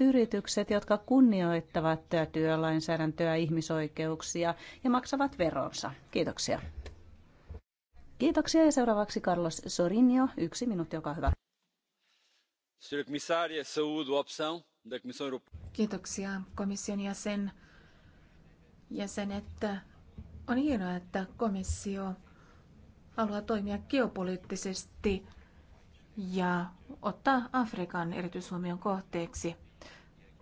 yritykset, jotka kunnioittavat työlainsäädäntöä, ihmisoikeuksia ja maksavat veronsa. Kiitoksia. Kiitoksia ja seuraavaksi Carlos Sorinio. Yksi minuutti, joka hyvä. Kiitoksia komission jäsen, jäsenet. On hienoa, että komissio haluaa toimia geopoliittisesti ja ottaa Afrikan erityishuomion kohteeksi.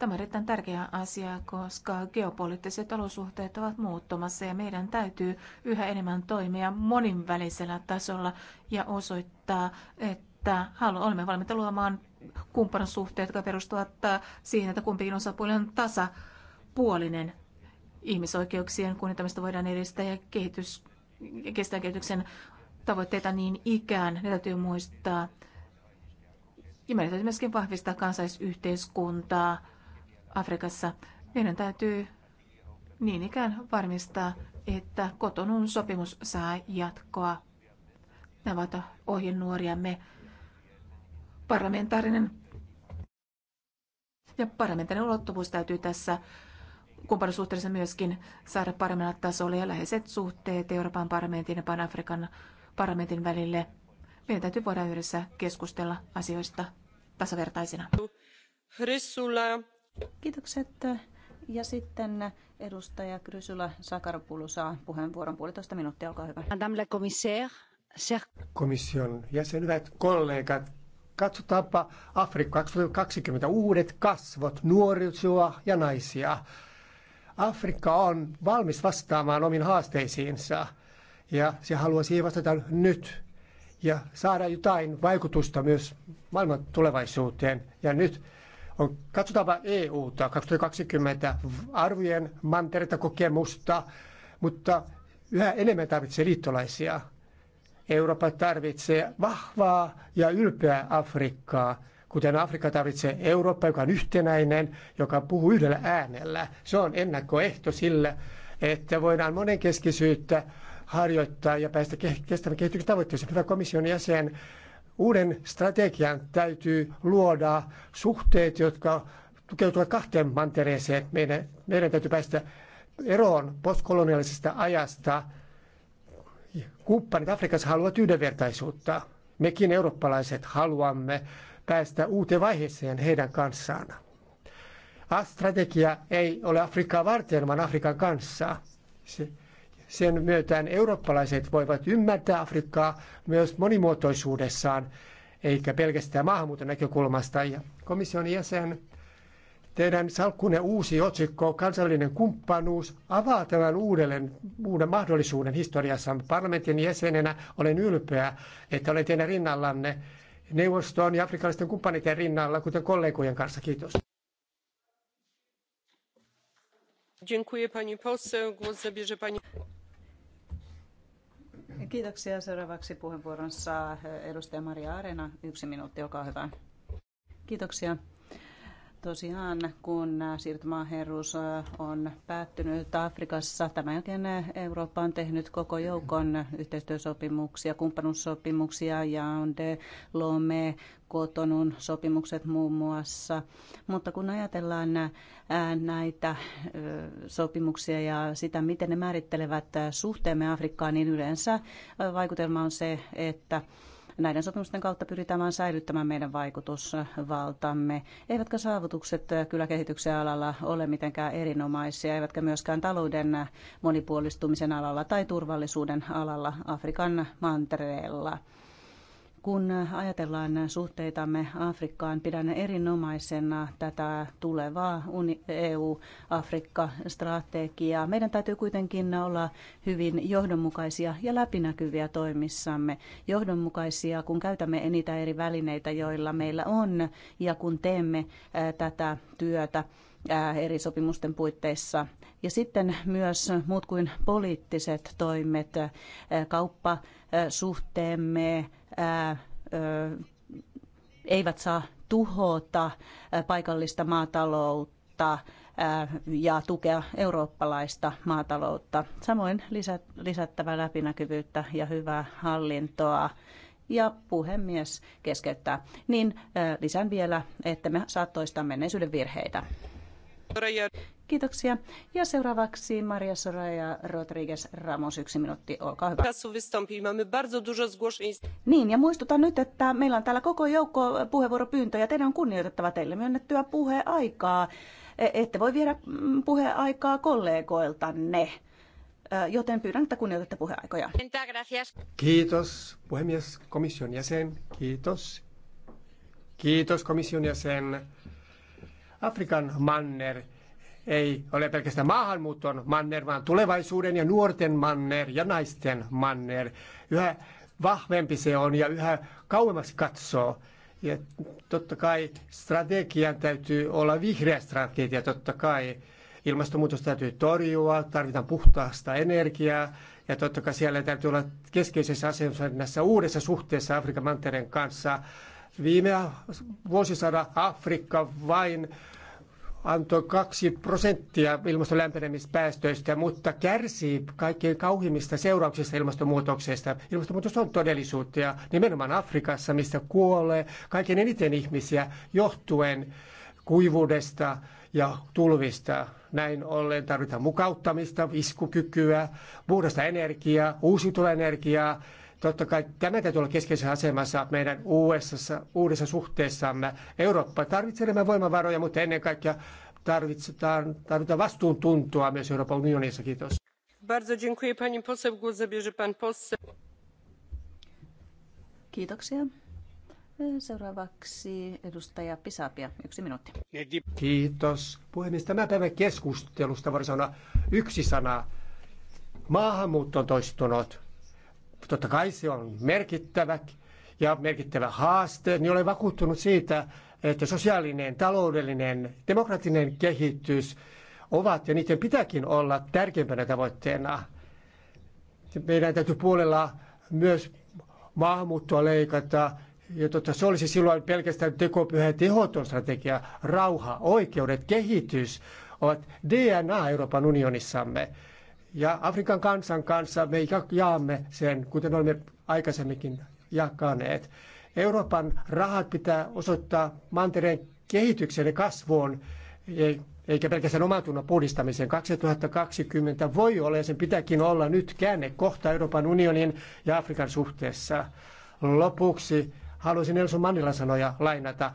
Tämä on erittäin tärkeä asia, koska geopoliittiset olosuhteet ovat muuttumassa ja meidän täytyy yhä enemmän toimia moninvälisellä tasolla ja osoittaa, että olemme valmiita luomaan kumppanussuhteet, jotka perustuvat äh, siihen, että kumpikin osapuoli on tasapuolinen. Ihmisoikeuksien kunnioittamista voidaan edistää ja kehitys, kestävän kehityksen tavoitteita niin ikään. Ne täytyy muistaa. Ja meidän täytyy myöskin vahvistaa kansaisyhteiskuntaa Afrikassa. Meidän täytyy niin ikään varmistaa, että kotonun sopimus saa jatkoa. Nämä ovat ohjenuoriamme. Parlamentaarinen ja parlamentaarinen ulottuvuus täytyy tässä kumppanisuhteessa myöskin saada paremmalle tasolle ja läheiset suhteet Euroopan parlamentin ja Pan-Afrikan parlamentin välille. Meidän täytyy voida yhdessä keskustella asioista tasavertaisina. Hrysula Kiitokset. Ja sitten edustaja Krysula Sakarpulu saa puheenvuoron puolitoista minuuttia, olkaa hyvä. Madame la commissaire. Komission jäsen, hyvät kollegat, katsotaanpa Afrikka 2020 uudet kasvot, nuorisoa ja naisia. Afrikka on valmis vastaamaan omiin haasteisiinsa ja se haluaa siihen vastata nyt ja saada jotain vaikutusta myös maailman tulevaisuuteen. Ja nyt on, katsotaanpa EUta 2020 arvojen mantereita kokemusta, mutta yhä enemmän tarvitsee liittolaisia. Eurooppa tarvitsee vahvaa ja ylpeää Afrikkaa, kuten Afrikka tarvitsee Eurooppa, joka on yhtenäinen, joka puhuu yhdellä äänellä. Se on ennakkoehto sille, että voidaan monenkeskisyyttä harjoittaa ja päästä kestävän kehityksen tavoitteeseen. Hyvä komission jäsen, Uuden strategian täytyy luoda suhteet, jotka tukeutuvat kahteen mantereeseen. Meidän, meidän täytyy päästä eroon postkolonialisesta ajasta. Kumppanit Afrikassa haluavat yhdenvertaisuutta. Mekin eurooppalaiset haluamme päästä uuteen vaiheeseen heidän kanssaan. A-strategia ei ole Afrikkaa varten, vaan Afrikan kanssa. Se, sen myötään eurooppalaiset voivat ymmärtää Afrikkaa myös monimuotoisuudessaan, eikä pelkästään maahanmuuton näkökulmasta. Ja komission jäsen, teidän salkkunne uusi otsikko, kansallinen kumppanuus, avaa tämän uudelleen, uuden mahdollisuuden historiassa. Parlamentin jäsenenä olen ylpeä, että olen teidän rinnallanne neuvostoon ja afrikkalaisten kumppaniten rinnalla, kuten kollegojen kanssa. Kiitos. pani Kiitoksia. Seuraavaksi puheenvuoron saa edustaja Maria Arena. Yksi minuutti, olkaa hyvä. Kiitoksia tosiaan, kun siirtomaaherruus on päättynyt Afrikassa, tämän jälkeen Eurooppa on tehnyt koko joukon yhteistyösopimuksia, kumppanuussopimuksia ja on de Lome, Kotonun sopimukset muun muassa. Mutta kun ajatellaan näitä sopimuksia ja sitä, miten ne määrittelevät suhteemme Afrikkaan, niin yleensä vaikutelma on se, että Näiden sopimusten kautta pyritään säilyttämään meidän vaikutusvaltamme. Eivätkä saavutukset kyllä kehityksen alalla ole mitenkään erinomaisia, eivätkä myöskään talouden monipuolistumisen alalla tai turvallisuuden alalla Afrikan mantereella. Kun ajatellaan suhteitamme Afrikkaan, pidän erinomaisena tätä tulevaa EU-Afrikka-strategiaa. Meidän täytyy kuitenkin olla hyvin johdonmukaisia ja läpinäkyviä toimissamme. Johdonmukaisia, kun käytämme niitä eri välineitä, joilla meillä on, ja kun teemme tätä työtä eri sopimusten puitteissa. Ja sitten myös muut kuin poliittiset toimet, kauppasuhteemme, eivät saa tuhota paikallista maataloutta ja tukea eurooppalaista maataloutta. Samoin lisättävä läpinäkyvyyttä ja hyvää hallintoa ja puhemies keskeyttää. Niin lisän vielä, että me saa toistaa menneisyyden virheitä. Kiitoksia. Ja seuraavaksi Maria Soraya Rodriguez Ramos, yksi minuutti, olkaa hyvä. Niin, ja muistutan nyt, että meillä on täällä koko joukko puheenvuoropyyntöjä. Teidän on kunnioitettava teille myönnettyä puheaikaa. E, ette voi viedä mm, puheaikaa kollegoiltanne e, joten pyydän, että kunnioitatte puheaikoja. Kiitos puhemies komission jäsen, kiitos. Kiitos komission jäsen. Afrikan manner ei ole pelkästään maahanmuuton manner, vaan tulevaisuuden ja nuorten manner ja naisten manner. Yhä vahvempi se on ja yhä kauemmaksi katsoo. Ja totta kai strategian täytyy olla vihreä strategia, totta kai ilmastonmuutos täytyy torjua, tarvitaan puhtaasta energiaa ja totta kai siellä täytyy olla keskeisessä asemassa näissä uudessa suhteessa Afrikan mantereen kanssa. Viime vuosisadan Afrikka vain antoi kaksi prosenttia ilmaston lämpenemispäästöistä, mutta kärsii kaikkein kauhimmista seurauksista ilmastonmuutoksesta. Ilmastonmuutos on todellisuutta ja nimenomaan Afrikassa, missä kuolee kaikkein eniten ihmisiä johtuen kuivuudesta ja tulvista. Näin ollen tarvitaan mukauttamista, iskukykyä, puhdasta energiaa, uusiutuvaa energiaa Totta kai tämä täytyy olla keskeisessä asemassa meidän uudessa, uudessa suhteessamme. Eurooppa tarvitsee enemmän voimavaroja, mutta ennen kaikkea tarvitaan, tarvitaan vastuuntuntoa myös Euroopan unionissa. Kiitos. Bardzo dziękuję pani poseł. Głos zabierze pan poseł. Kiitoksia. Seuraavaksi edustaja Pisapia, yksi minuutti. Kiitos. Puhemies, tämän päivän keskustelusta voisi sanoa yksi sana. Maahanmuutto on toistunut totta kai se on merkittävä ja merkittävä haaste, niin olen vakuuttunut siitä, että sosiaalinen, taloudellinen, demokraattinen kehitys ovat ja niiden pitääkin olla tärkeimpänä tavoitteena. Meidän täytyy puolella myös maahanmuuttoa leikata, ja totta, se olisi silloin pelkästään tekopyhä ja tehoton strategia. Rauha, oikeudet, kehitys ovat DNA Euroopan unionissamme. Ja Afrikan kansan kanssa me jaamme sen, kuten olemme aikaisemminkin jakaneet. Euroopan rahat pitää osoittaa mantereen kehitykseen ja kasvuun, e- eikä pelkästään tunnon puhdistamiseen. 2020 voi olla ja sen pitääkin olla nyt käänne kohta Euroopan unionin ja Afrikan suhteessa. Lopuksi haluaisin Nelson Mandela sanoja lainata.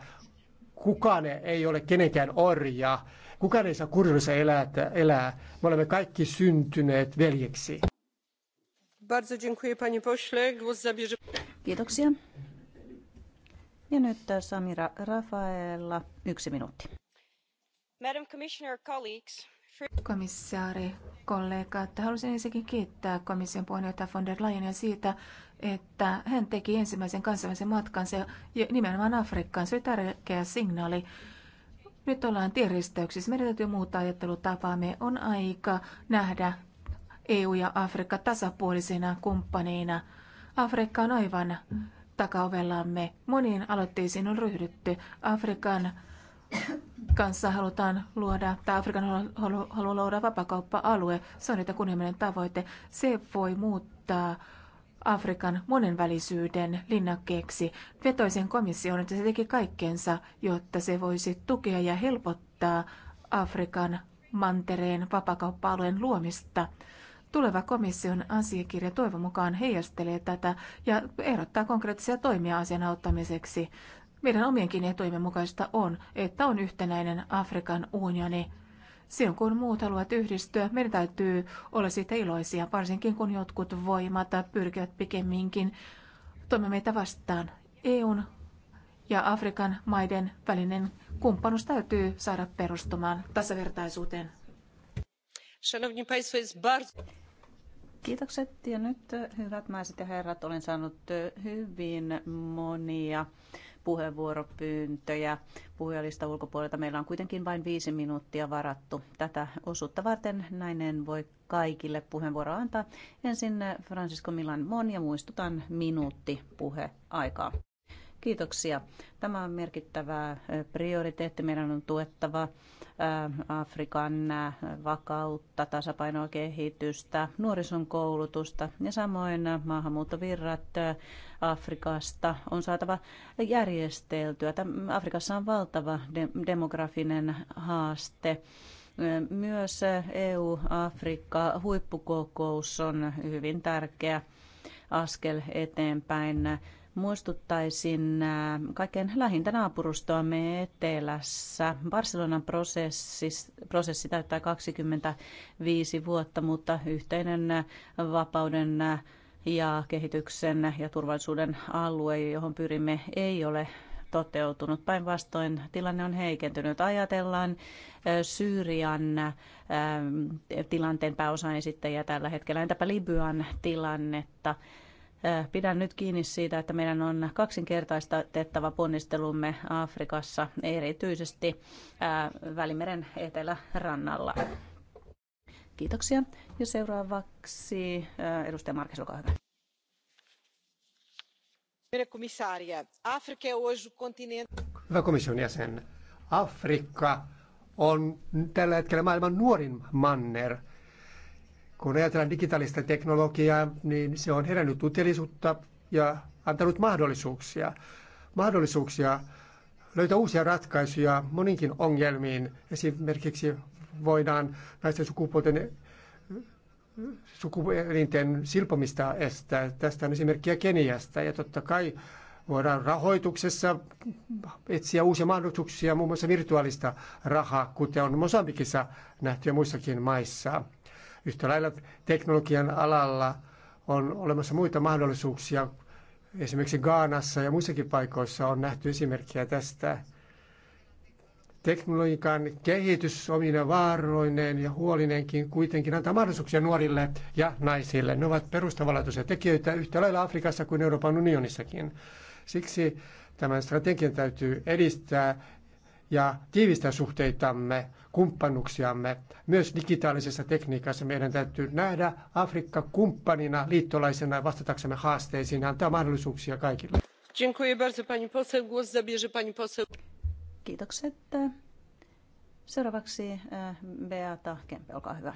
Kukaan ei ole kenenkään orja Kukaan ei saa kurjuudessa elää, elää. Me olemme kaikki syntyneet veljeksi. Kiitoksia. Ja nyt äh, Samira Rafaella, yksi minuutti. Madam Commissioner, colleagues, komissaari, kollegat. Haluaisin ensinnäkin kiittää komission puheenjohtaja von der Leyenia siitä, että hän teki ensimmäisen kansainvälisen matkansa nimenomaan Afrikkaan. Se oli tärkeä signaali nyt ollaan tienristeyksissä. Meidän täytyy muuttaa ajattelutapaamme. On aika nähdä EU ja Afrikka tasapuolisina kumppaneina. Afrikka on aivan takaovellamme. Moniin aloitteisiin on ryhdytty. Afrikan kanssa halutaan luoda, tai Afrikan haluaa luoda vapakauppa-alue. Se on niitä kunnianhimoinen tavoite. Se voi muuttaa Afrikan monenvälisyyden linnakkeeksi. Vetoisen komission, että se teki kaikkeensa, jotta se voisi tukea ja helpottaa Afrikan mantereen vapakauppa-alueen luomista. Tuleva komission asiakirja toivon mukaan heijastelee tätä ja ehdottaa konkreettisia toimia asian auttamiseksi. Meidän omienkin etuimme mukaista on, että on yhtenäinen Afrikan unioni. Silloin kun muut haluavat yhdistyä, meidän täytyy olla siitä iloisia, varsinkin kun jotkut voimat pyrkivät pikemminkin toimia meitä vastaan. EUn ja Afrikan maiden välinen kumppanuus täytyy saada perustumaan tasavertaisuuteen. Szanowni Państwo, jest bardzo... Kiitokset ja nyt hyvät naiset ja herrat, olen saanut hyvin monia puheenvuoropyyntöjä puhujalista ulkopuolelta. Meillä on kuitenkin vain viisi minuuttia varattu tätä osuutta varten. Näin en voi kaikille puheenvuoro antaa. Ensin Francisco Milan Mon ja muistutan minuutti puheaikaa. Kiitoksia. Tämä on merkittävä prioriteetti. Meidän on tuettava Afrikan vakautta, tasapainoa, kehitystä, nuorison koulutusta ja samoin maahanmuuttovirrat Afrikasta on saatava järjesteltyä. Afrikassa on valtava demografinen haaste. Myös EU-Afrikka huippukokous on hyvin tärkeä askel eteenpäin muistuttaisin äh, kaiken lähintä naapurustoamme etelässä. Barcelonan prosessi, prosessi täyttää 25 vuotta, mutta yhteinen äh, vapauden äh, ja kehityksen ja turvallisuuden alue, johon pyrimme, ei ole toteutunut. Päinvastoin tilanne on heikentynyt. Ajatellaan Syyrian tilanteen pääosan esittäjiä tällä hetkellä. Entäpä Libyan tilannetta? Pidän nyt kiinni siitä, että meidän on kaksinkertaistettava ponnistelumme Afrikassa, erityisesti Välimeren etelärannalla. Kiitoksia. Ja seuraavaksi edustaja Markis, olkaa hyvä. Hyvä komission jäsen. Afrikka on tällä hetkellä maailman nuorin manner. Kun ajatellaan digitaalista teknologiaa, niin se on herännyt uteliisuutta ja antanut mahdollisuuksia. Mahdollisuuksia löytää uusia ratkaisuja moninkin ongelmiin. Esimerkiksi voidaan naisten sukupuolten sukuelinten silpomista estää. Tästä on esimerkkiä Keniasta ja totta kai voidaan rahoituksessa etsiä uusia mahdollisuuksia, muun muassa virtuaalista rahaa, kuten on Mosambikissa nähty ja muissakin maissa. Yhtä lailla teknologian alalla on olemassa muita mahdollisuuksia. Esimerkiksi Gaanassa ja muissakin paikoissa on nähty esimerkkejä tästä. Teknologian kehitys omina vaaroineen ja huolineenkin kuitenkin antaa mahdollisuuksia nuorille ja naisille. Ne ovat perustavanlaatuisia tekijöitä yhtä lailla Afrikassa kuin Euroopan unionissakin. Siksi tämän strategian täytyy edistää ja tiivistää suhteitamme, kumppanuksiamme. Myös digitaalisessa tekniikassa meidän täytyy nähdä Afrikka kumppanina, liittolaisena ja vastataksemme haasteisiin ja antaa mahdollisuuksia kaikille. Kiitokset. Seuraavaksi eh, Beata Kempe, olkaa hyvä.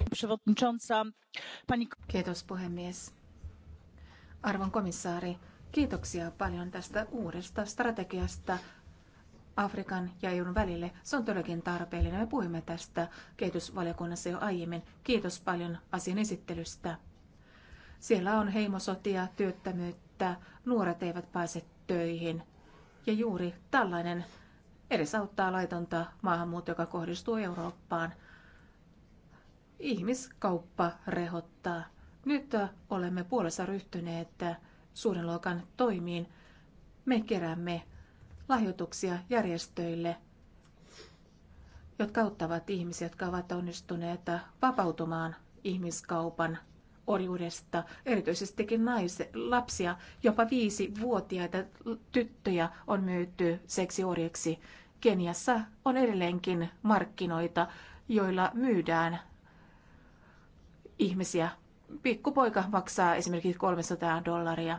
Kiitos puhemies. Arvon komissaari, kiitoksia paljon tästä uudesta strategiasta Afrikan ja EUn välille. Se on todellakin tarpeellinen. Me puhumme tästä kehitysvaliokunnassa jo aiemmin. Kiitos paljon asian esittelystä. Siellä on heimosotia, työttömyyttä, nuoret eivät pääse töihin. Ja juuri tällainen edesauttaa laitonta maahanmuutta, joka kohdistuu Eurooppaan. Ihmiskauppa rehottaa. Nyt olemme puolessa ryhtyneet suuren luokan toimiin. Me keräämme lahjoituksia järjestöille, jotka auttavat ihmisiä, jotka ovat onnistuneet vapautumaan ihmiskaupan orjuudesta, erityisestikin naisia, lapsia, jopa viisi-vuotiaita tyttöjä on myyty seksiorjeksi. Keniassa on edelleenkin markkinoita, joilla myydään ihmisiä. Pikkupoika maksaa esimerkiksi 300 dollaria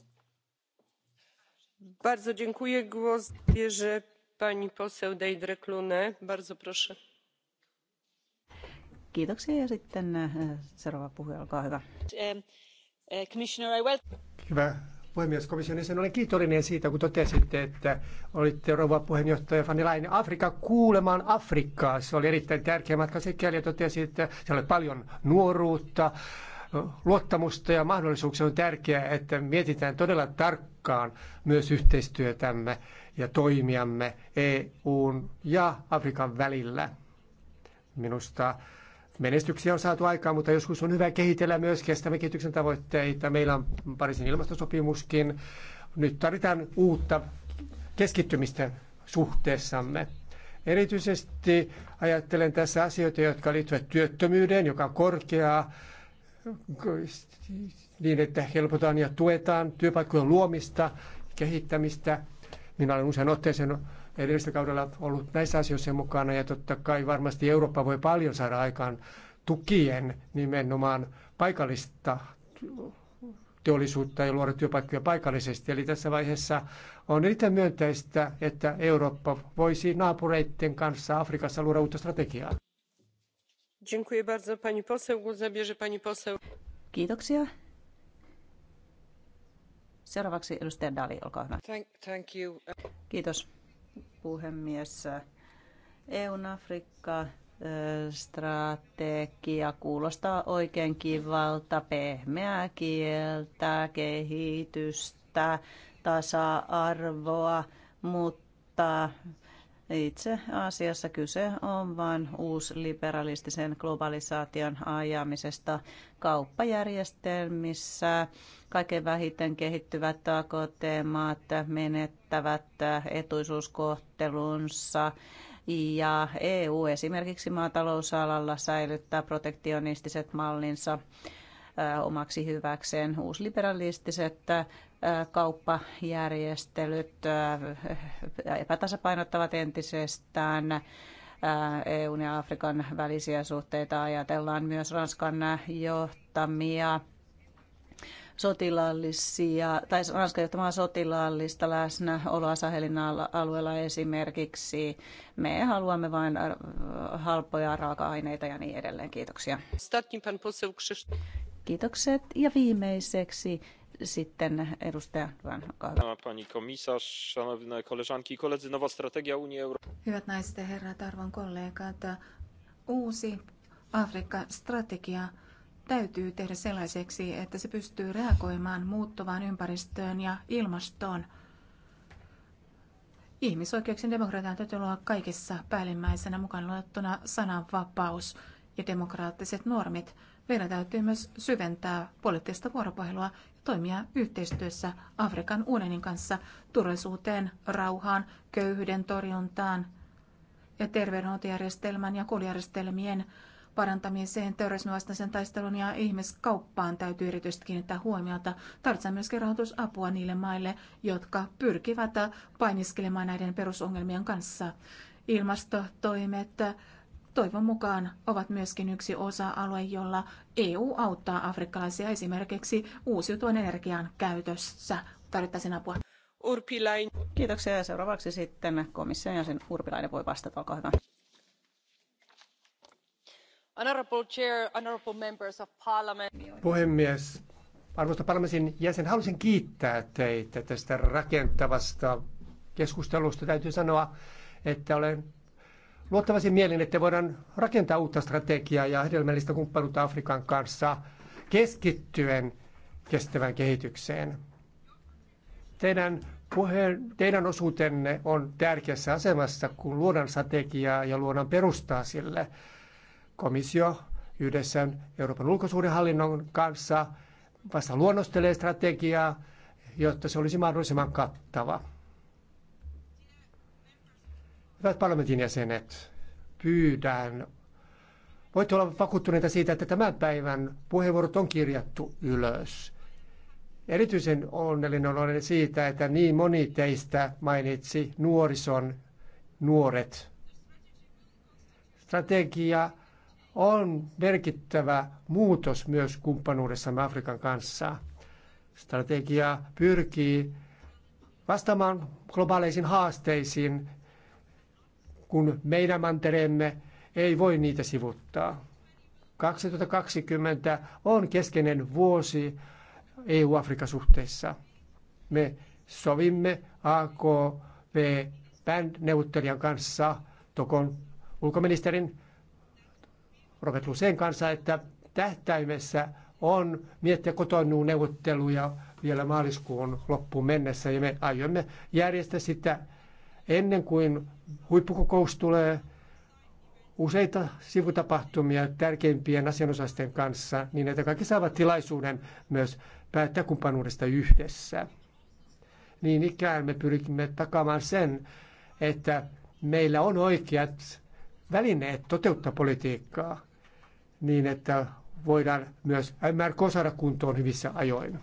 Bardzo dziękuję. pani Deidre Bardzo proszę. E, puhemies, komission jäsen, olen kiitollinen siitä, kun totesitte, että olitte rouva puheenjohtaja der leyen Afrika kuulemaan Afrikkaa. Se oli erittäin tärkeä matka sikäli ja totesitte että siellä oli paljon nuoruutta, luottamusta ja mahdollisuuksia on tärkeää, että mietitään todella tarkkaan myös yhteistyötämme ja toimiamme EUn ja Afrikan välillä. Minusta menestyksiä on saatu aikaan, mutta joskus on hyvä kehitellä myös kestävän kehityksen tavoitteita. Meillä on Pariisin ilmastosopimuskin. Nyt tarvitaan uutta keskittymistä suhteessamme. Erityisesti ajattelen tässä asioita, jotka liittyvät työttömyyden, joka on korkeaa, niin, että helpotaan ja tuetaan työpaikkojen luomista, kehittämistä. Minä olen usein otteeseen edellisellä kaudella ollut näissä asioissa mukana ja totta kai varmasti Eurooppa voi paljon saada aikaan tukien nimenomaan paikallista teollisuutta ja luoda työpaikkoja paikallisesti. Eli tässä vaiheessa on erittäin myönteistä, että Eurooppa voisi naapureiden kanssa Afrikassa luoda uutta strategiaa. Kiitoksia. Seuraavaksi edustaja Dali, olkaa hyvä. Thank, thank you. Kiitos puhemies. EUn Afrikka e, strategia kuulostaa oikein kivalta, pehmeää kieltä, kehitystä, tasa-arvoa, mutta itse asiassa kyse on vain uusliberalistisen globalisaation ajamisesta kauppajärjestelmissä. Kaiken vähiten kehittyvät AKT-maat menettävät etuisuuskohtelunsa. Ja EU esimerkiksi maatalousalalla säilyttää protektionistiset mallinsa omaksi hyväkseen. Uusliberalistiset kauppajärjestelyt epätasapainottavat entisestään EUn ja Afrikan välisiä suhteita. Ajatellaan myös Ranskan johtamia sotilaallisia, tai Ranskan johtamaa sotilaallista läsnäoloa Sahelin alueella esimerkiksi. Me haluamme vain halpoja raaka-aineita ja niin edelleen. Kiitoksia. Kiitokset. Ja viimeiseksi sitten edustaja Van, Pani komisarz, szanowne koleżanki i koledzy, nowa strategia Unii Europejskiej. Hyvät naiset ja herrat, arvon kollegat, uusi Afrikka-strategia täytyy tehdä sellaiseksi, että se pystyy reagoimaan muuttuvaan ympäristöön ja ilmastoon. Ihmisoikeuksien demokratian täytyy olla kaikessa päällimmäisenä mukaan luettuna sananvapaus ja demokraattiset normit – meidän täytyy myös syventää poliittista vuoropuhelua ja toimia yhteistyössä Afrikan unionin kanssa turvallisuuteen, rauhaan, köyhyyden torjuntaan ja terveydenhoitojärjestelmän ja koulujärjestelmien parantamiseen, terrorismivastaisen taistelun ja ihmiskauppaan täytyy erityisesti kiinnittää huomiota. Tarvitaan myöskin rahoitusapua niille maille, jotka pyrkivät painiskelemaan näiden perusongelmien kanssa. Ilmastotoimet, toivon mukaan ovat myöskin yksi osa-alue, jolla EU auttaa afrikkalaisia esimerkiksi uusiutuvan energian käytössä. Tarvittaisiin apua. Urpilainen. Kiitoksia ja seuraavaksi sitten komission jäsen Urpilainen voi vastata. Olkaa hyvä. Honorable chair, honorable members of parliament. Puhemies, arvoisa parlamentin jäsen, haluaisin kiittää teitä tästä rakentavasta keskustelusta. Täytyy sanoa, että olen luottavaisin mielin, että voidaan rakentaa uutta strategiaa ja hedelmällistä kumppanuutta Afrikan kanssa keskittyen kestävään kehitykseen. Teidän, puheen, teidän osuutenne on tärkeässä asemassa, kun luodaan strategiaa ja luodaan perustaa sille. Komissio yhdessä Euroopan ulkosuhdehallinnon kanssa vasta luonnostelee strategiaa, jotta se olisi mahdollisimman kattava. Hyvät parlamentin jäsenet, pyydän. Voitte olla vakuuttuneita siitä, että tämän päivän puheenvuorot on kirjattu ylös. Erityisen onnellinen olen siitä, että niin moni teistä mainitsi nuorison nuoret. Strategia on merkittävä muutos myös kumppanuudessa Afrikan kanssa. Strategia pyrkii vastaamaan globaaleisiin haasteisiin kun meidän mantereemme ei voi niitä sivuttaa. 2020 on keskeinen vuosi eu afrikan suhteissa Me sovimme AKP-neuvottelijan kanssa, Tokon ulkoministerin Robert Luseen kanssa, että tähtäimessä on miettiä kotonnuun neuvotteluja vielä maaliskuun loppuun mennessä ja me aiomme järjestää sitä Ennen kuin huippukokous tulee, useita sivutapahtumia tärkeimpien asianosaisten kanssa, niin että kaikki saavat tilaisuuden myös päättää kumppanuudesta yhdessä. Niin ikään me pyrimme takaamaan sen, että meillä on oikeat välineet toteuttaa politiikkaa niin, että voidaan myös MRK saada kuntoon hyvissä ajoin.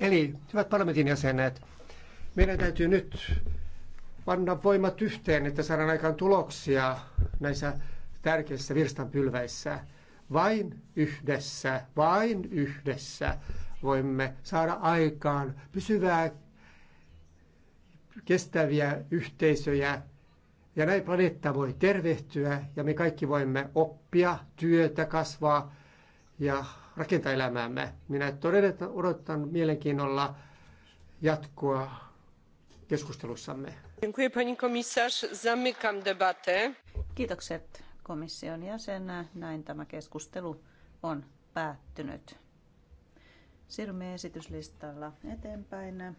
Eli, hyvät parlamentin jäsenet, meidän täytyy nyt panna voimat yhteen, että saadaan aikaan tuloksia näissä tärkeissä virstanpylväissä. Vain yhdessä, vain yhdessä voimme saada aikaan pysyvää, kestäviä yhteisöjä. Ja näin planeetta voi tervehtyä ja me kaikki voimme oppia, työtä, kasvaa ja rakentaa elämäämme. Minä todella odotan mielenkiinnolla jatkoa keskustelussamme. Kiitokset komission jäsen. Näin tämä keskustelu on päättynyt. Siirrymme esityslistalla eteenpäin.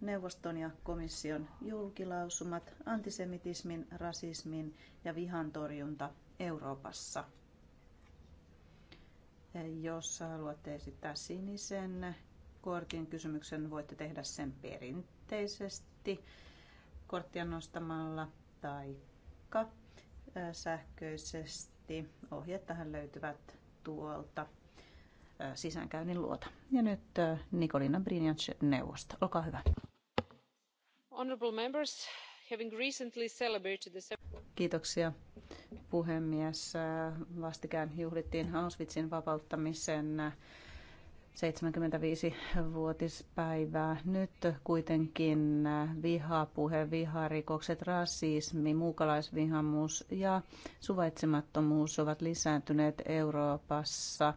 Neuvoston ja komission julkilausumat antisemitismin, rasismin ja vihan torjunta Euroopassa. Jos haluatte esittää sinisen kortin kysymyksen, voitte tehdä sen perinteisesti äänesti korttia nostamalla tai sähköisesti. Ohjeet tähän löytyvät tuolta sisäänkäynnin luota. Ja nyt Nikolina Brinjac neuvosta. Olkaa hyvä. Honorable members, having recently celebrated the... Kiitoksia puhemies. Vastikään juhlittiin Auschwitzin vapauttamisen 75-vuotispäivää. Nyt kuitenkin vihapuhe, viharikokset, rasismi, muukalaisvihamuus ja suvaitsemattomuus ovat lisääntyneet Euroopassa.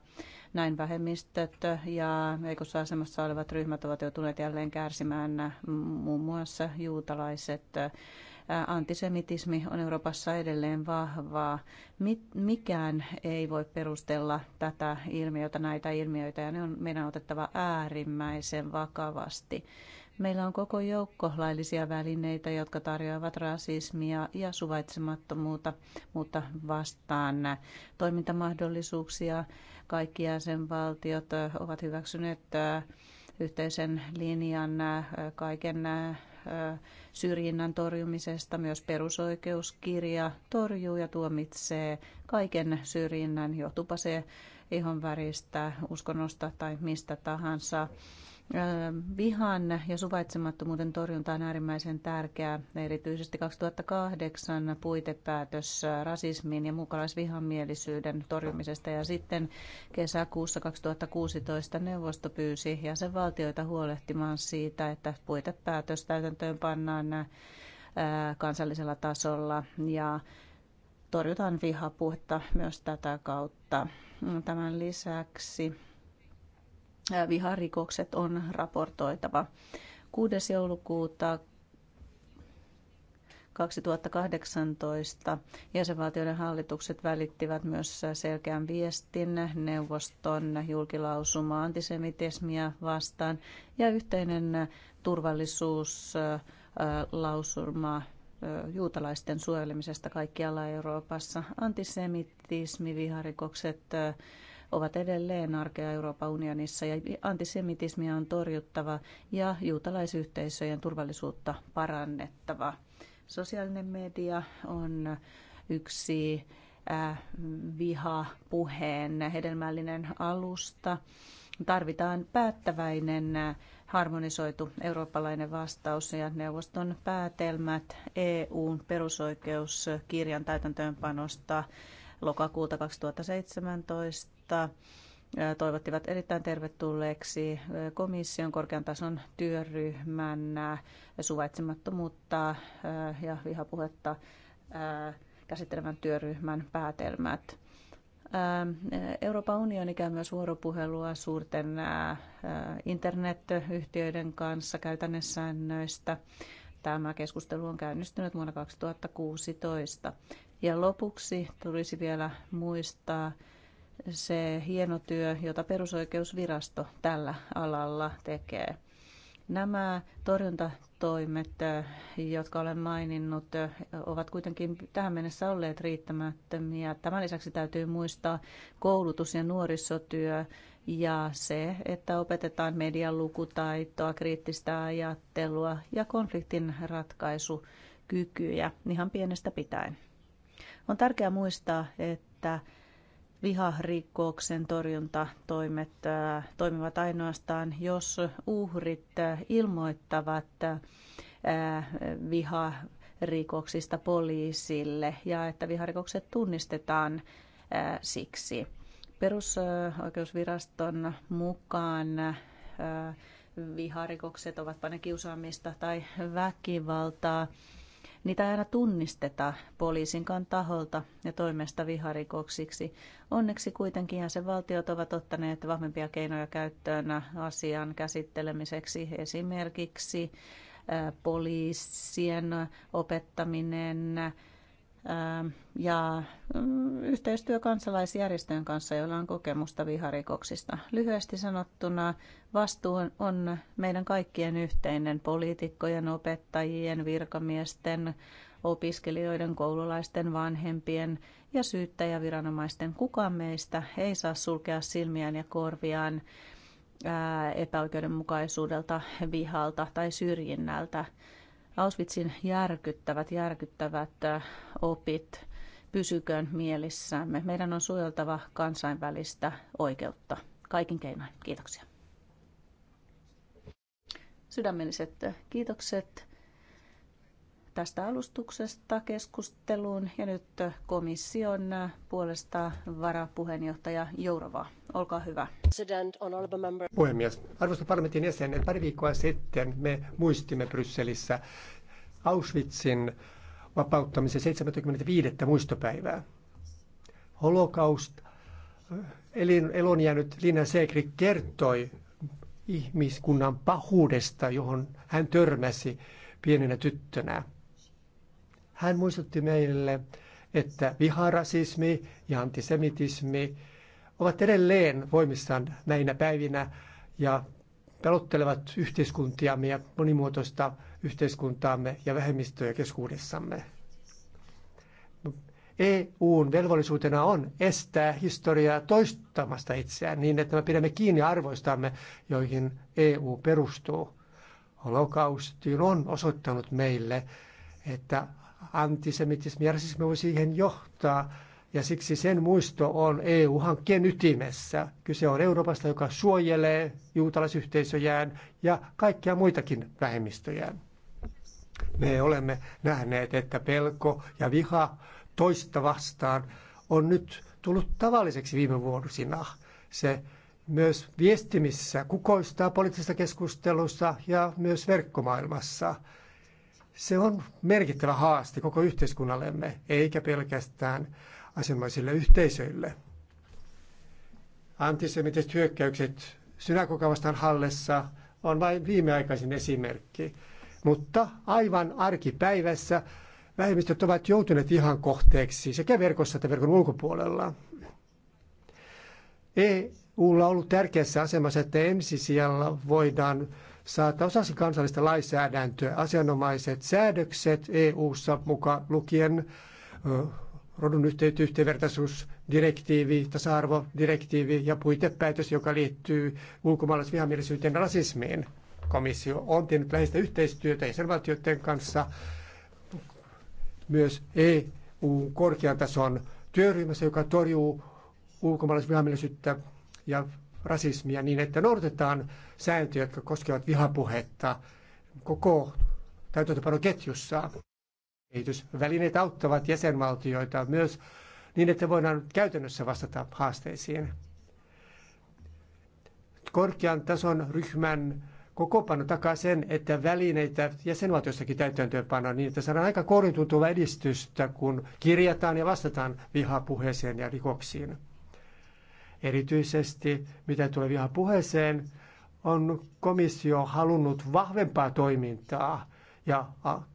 Näin vähemmistöt ja heikossa asemassa olevat ryhmät ovat joutuneet jälleen kärsimään muun muassa juutalaiset Antisemitismi on Euroopassa edelleen vahvaa. Mikään ei voi perustella tätä ilmiötä, näitä ilmiöitä, ja ne on meidän otettava äärimmäisen vakavasti. Meillä on koko joukko laillisia välineitä, jotka tarjoavat rasismia ja suvaitsemattomuutta mutta vastaan toimintamahdollisuuksia. Kaikki jäsenvaltiot ovat hyväksyneet yhteisen linjan kaiken syrjinnän torjumisesta myös perusoikeuskirja torjuu ja tuomitsee kaiken syrjinnän, johtupa se ihonväristä, uskonnosta tai mistä tahansa. Vihan ja suvaitsemattomuuden torjunta on äärimmäisen tärkeää. Erityisesti 2008 puitepäätös rasismin ja muukalaisvihamielisyyden torjumisesta ja sitten kesäkuussa 2016 neuvosto pyysi jäsenvaltioita huolehtimaan siitä, että puitepäätös täytäntöön pannaan kansallisella tasolla ja torjutaan vihapuhetta myös tätä kautta. Tämän lisäksi viharikokset on raportoitava. 6. joulukuuta 2018 jäsenvaltioiden hallitukset välittivät myös selkeän viestin neuvoston julkilausuma antisemitismia vastaan ja yhteinen turvallisuuslausuma juutalaisten suojelemisesta kaikkialla Euroopassa. Antisemitismi, viharikokset ovat edelleen arkea Euroopan unionissa ja antisemitismiä on torjuttava ja juutalaisyhteisöjen turvallisuutta parannettava. Sosiaalinen media on yksi äh, vihapuheen hedelmällinen alusta. Tarvitaan päättäväinen harmonisoitu eurooppalainen vastaus ja neuvoston päätelmät EUn perusoikeuskirjan täytäntöönpanosta lokakuuta 2017 toivottivat erittäin tervetulleeksi komission korkean tason työryhmän suvaitsemattomuutta ja vihapuhetta käsittelevän työryhmän päätelmät. Euroopan unioni käy myös vuoropuhelua suurten internetyhtiöiden kanssa käytännössäännöistä. Tämä keskustelu on käynnistynyt vuonna 2016. Ja lopuksi tulisi vielä muistaa, se hieno työ, jota perusoikeusvirasto tällä alalla tekee. Nämä torjuntatoimet, jotka olen maininnut, ovat kuitenkin tähän mennessä olleet riittämättömiä. Tämän lisäksi täytyy muistaa koulutus ja nuorisotyö ja se, että opetetaan median lukutaitoa, kriittistä ajattelua ja konfliktin ratkaisukykyjä ihan pienestä pitäen. On tärkeää muistaa, että viharikoksen torjuntatoimet äh, toimivat ainoastaan, jos uhrit äh, ilmoittavat äh, viharikoksista poliisille ja että viharikokset tunnistetaan siksi. Perusoikeusviraston mukaan viharikokset, ovat ne kiusaamista tai väkivaltaa, niitä ei aina tunnisteta poliisinkaan taholta ja toimesta viharikoksiksi. Onneksi kuitenkin valtiot ovat ottaneet vahvempia keinoja käyttöön asian käsittelemiseksi, esimerkiksi poliisien opettaminen, Ähm, ja mm, yhteistyö kansalaisjärjestöjen kanssa, joilla on kokemusta viharikoksista. Lyhyesti sanottuna vastuu on meidän kaikkien yhteinen, poliitikkojen, opettajien, virkamiesten, opiskelijoiden, koululaisten, vanhempien ja syyttäjäviranomaisten. Kukaan meistä ei saa sulkea silmiään ja korviaan epäoikeudenmukaisuudelta, vihalta tai syrjinnältä. Auschwitzin järkyttävät, järkyttävät äh, opit pysyköön mielissämme. Meidän on suojeltava kansainvälistä oikeutta kaikin keinoin. Kiitoksia. Sydämelliset äh, kiitokset tästä alustuksesta keskusteluun ja nyt komission puolesta varapuheenjohtaja Jourova. Olkaa hyvä. Puhemies, arvoisa parlamentin jäsenet, pari viikkoa sitten me muistimme Brysselissä Auschwitzin vapauttamisen 75. muistopäivää. Holokaust, eh, elon jäänyt Lina Seekri kertoi ihmiskunnan pahuudesta, johon hän törmäsi pienenä tyttönä. Hän muistutti meille, että viharasismi ja antisemitismi ovat edelleen voimissaan näinä päivinä ja pelottelevat yhteiskuntiamme ja monimuotoista yhteiskuntaamme ja vähemmistöjä keskuudessamme. EUn velvollisuutena on estää historiaa toistamasta itseään niin, että me pidämme kiinni arvoistamme, joihin EU perustuu. Holokausti on osoittanut meille, että antisemitismi ja rasismi voi siihen johtaa, ja siksi sen muisto on EU-hankkeen ytimessä. Kyse on Euroopasta, joka suojelee juutalaisyhteisöjään ja kaikkia muitakin vähemmistöjään. Me olemme nähneet, että pelko ja viha toista vastaan on nyt tullut tavalliseksi viime vuosina. Se myös viestimissä kukoistaa poliittisessa keskustelussa ja myös verkkomaailmassa. Se on merkittävä haaste koko yhteiskunnallemme, eikä pelkästään asianomaisille yhteisöille. Antisemitiset hyökkäykset synagoga Hallessa on vain viimeaikaisin esimerkki, mutta aivan arkipäivässä vähemmistöt ovat joutuneet ihan kohteeksi sekä verkossa että verkon ulkopuolella. EUlla on ollut tärkeässä asemassa, että ensisijalla voidaan saattaa osaksi kansallista lainsäädäntöä asianomaiset säädökset EU-ssa mukaan lukien rodun yhteenvertaisuusdirektiivi, tasa-arvodirektiivi ja puitepäätös, joka liittyy ulkomaalaisvihamielisyyteen ja rasismiin. Komissio on tehnyt läheistä yhteistyötä jäsenvaltioiden kanssa myös EU-korkean tason työryhmässä, joka torjuu ulkomaalaisvihamielisyyttä ja rasismia niin, että noudatetaan sääntöjä, jotka koskevat vihapuhetta koko täytäntöpanoketjussa. Kehitysvälineet auttavat jäsenvaltioita myös niin, että voidaan käytännössä vastata haasteisiin. Korkean tason ryhmän kokopano takaa sen, että välineitä jäsenvaltioissakin täytäntöönpanoa niin, että saadaan aika kouriintuntuvaa edistystä, kun kirjataan ja vastataan vihapuheeseen ja rikoksiin. Erityisesti mitä tulee viha puheeseen, on komissio halunnut vahvempaa toimintaa ja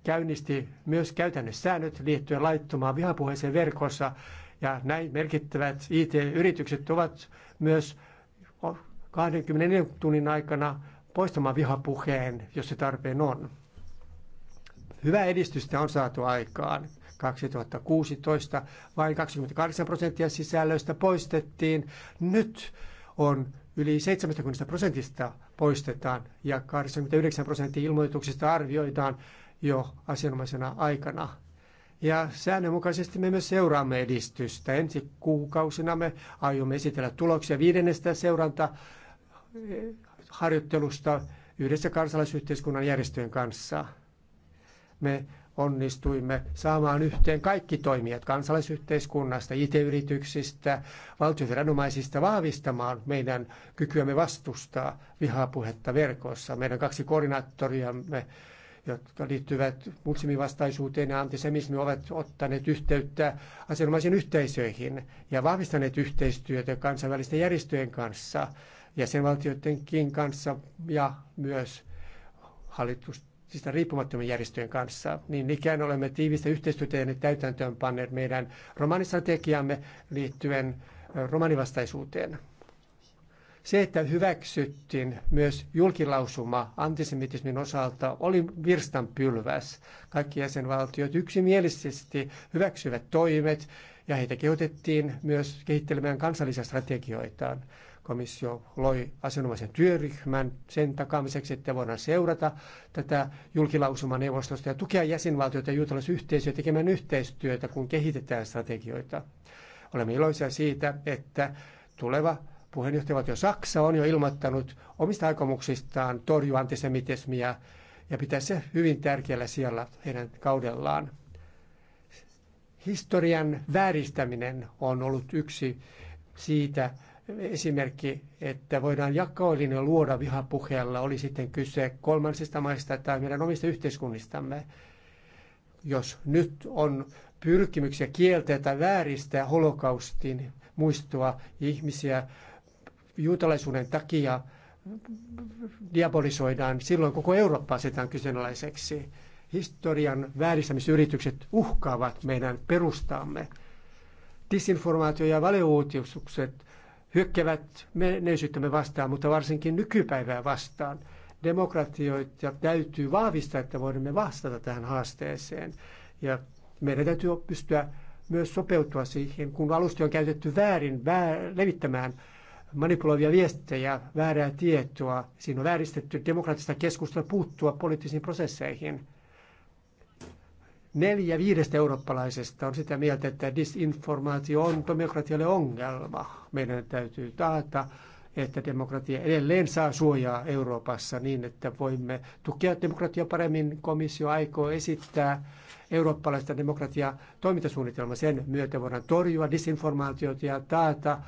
käynnisti myös säännöt liittyen laittomaan vihapuheeseen verkossa. Ja näin merkittävät IT-yritykset ovat myös 24 tunnin aikana poistamaan vihapuheen, jos se tarpeen on. Hyvää edistystä on saatu aikaan. 2016 vain 28 prosenttia sisällöistä poistettiin. Nyt on yli 70 prosentista poistetaan ja 89 prosenttia ilmoituksista arvioidaan jo asianomaisena aikana. Ja säännönmukaisesti me myös seuraamme edistystä. Ensi kuukausina me aiomme esitellä tuloksia viidennestä seurantaharjoittelusta eh, yhdessä kansalaisyhteiskunnan järjestöjen kanssa. Me onnistuimme saamaan yhteen kaikki toimijat kansalaisyhteiskunnasta, IT-yrityksistä, valtioviranomaisista vahvistamaan meidän kykyämme vastustaa vihapuhetta verkossa. Meidän kaksi koordinaattoriamme, jotka liittyvät muslimivastaisuuteen ja antisemismi ovat ottaneet yhteyttä asianomaisiin yhteisöihin ja vahvistaneet yhteistyötä kansainvälisten järjestöjen kanssa, jäsenvaltioidenkin kanssa ja myös hallitusten siis riippumattomien järjestöjen kanssa. Niin ikään olemme tiivistä yhteistyötä ja täytäntöön panneet meidän romanistrategiamme liittyen romanivastaisuuteen. Se, että hyväksyttiin myös julkilausuma antisemitismin osalta, oli virstanpylväs. Kaikki jäsenvaltiot yksimielisesti hyväksyvät toimet ja heitä kehotettiin myös kehittelemään kansallisia strategioitaan komissio loi asianomaisen työryhmän sen takaamiseksi, että voidaan seurata tätä julkilausumaa neuvostosta ja tukea jäsenvaltioita ja juutalaisyhteisöä tekemään yhteistyötä, kun kehitetään strategioita. Olemme iloisia siitä, että tuleva puheenjohtajavaltio Saksa on jo ilmoittanut omista aikomuksistaan torjua antisemitismiä ja pitää se hyvin tärkeällä siellä heidän kaudellaan. Historian vääristäminen on ollut yksi siitä, esimerkki, että voidaan jakaulinen luoda vihapuheella, oli sitten kyse kolmansista maista tai meidän omista yhteiskunnistamme. Jos nyt on pyrkimyksiä kieltää tai vääristää holokaustin muistoa ihmisiä juutalaisuuden takia diabolisoidaan, silloin koko Eurooppa asetetaan kyseenalaiseksi. Historian vääristämisyritykset uhkaavat meidän perustaamme. Disinformaatio ja valeuutisukset hyökkävät menneisyyttämme vastaan, mutta varsinkin nykypäivää vastaan. Demokratioita täytyy vahvistaa, että voimme vastata tähän haasteeseen. Ja meidän täytyy pystyä myös sopeutua siihen, kun alusti on käytetty väärin väär, levittämään manipuloivia viestejä, väärää tietoa. Siinä on vääristetty demokraattista keskustelua puuttua poliittisiin prosesseihin. Neljä viidestä eurooppalaisesta on sitä mieltä, että disinformaatio on demokratialle ongelma. Meidän täytyy taata, että demokratia edelleen saa suojaa Euroopassa niin, että voimme tukea demokratiaa paremmin. Komissio aikoo esittää eurooppalaista demokratiaa toimintasuunnitelma. Sen myötä voidaan torjua disinformaatiota ja taata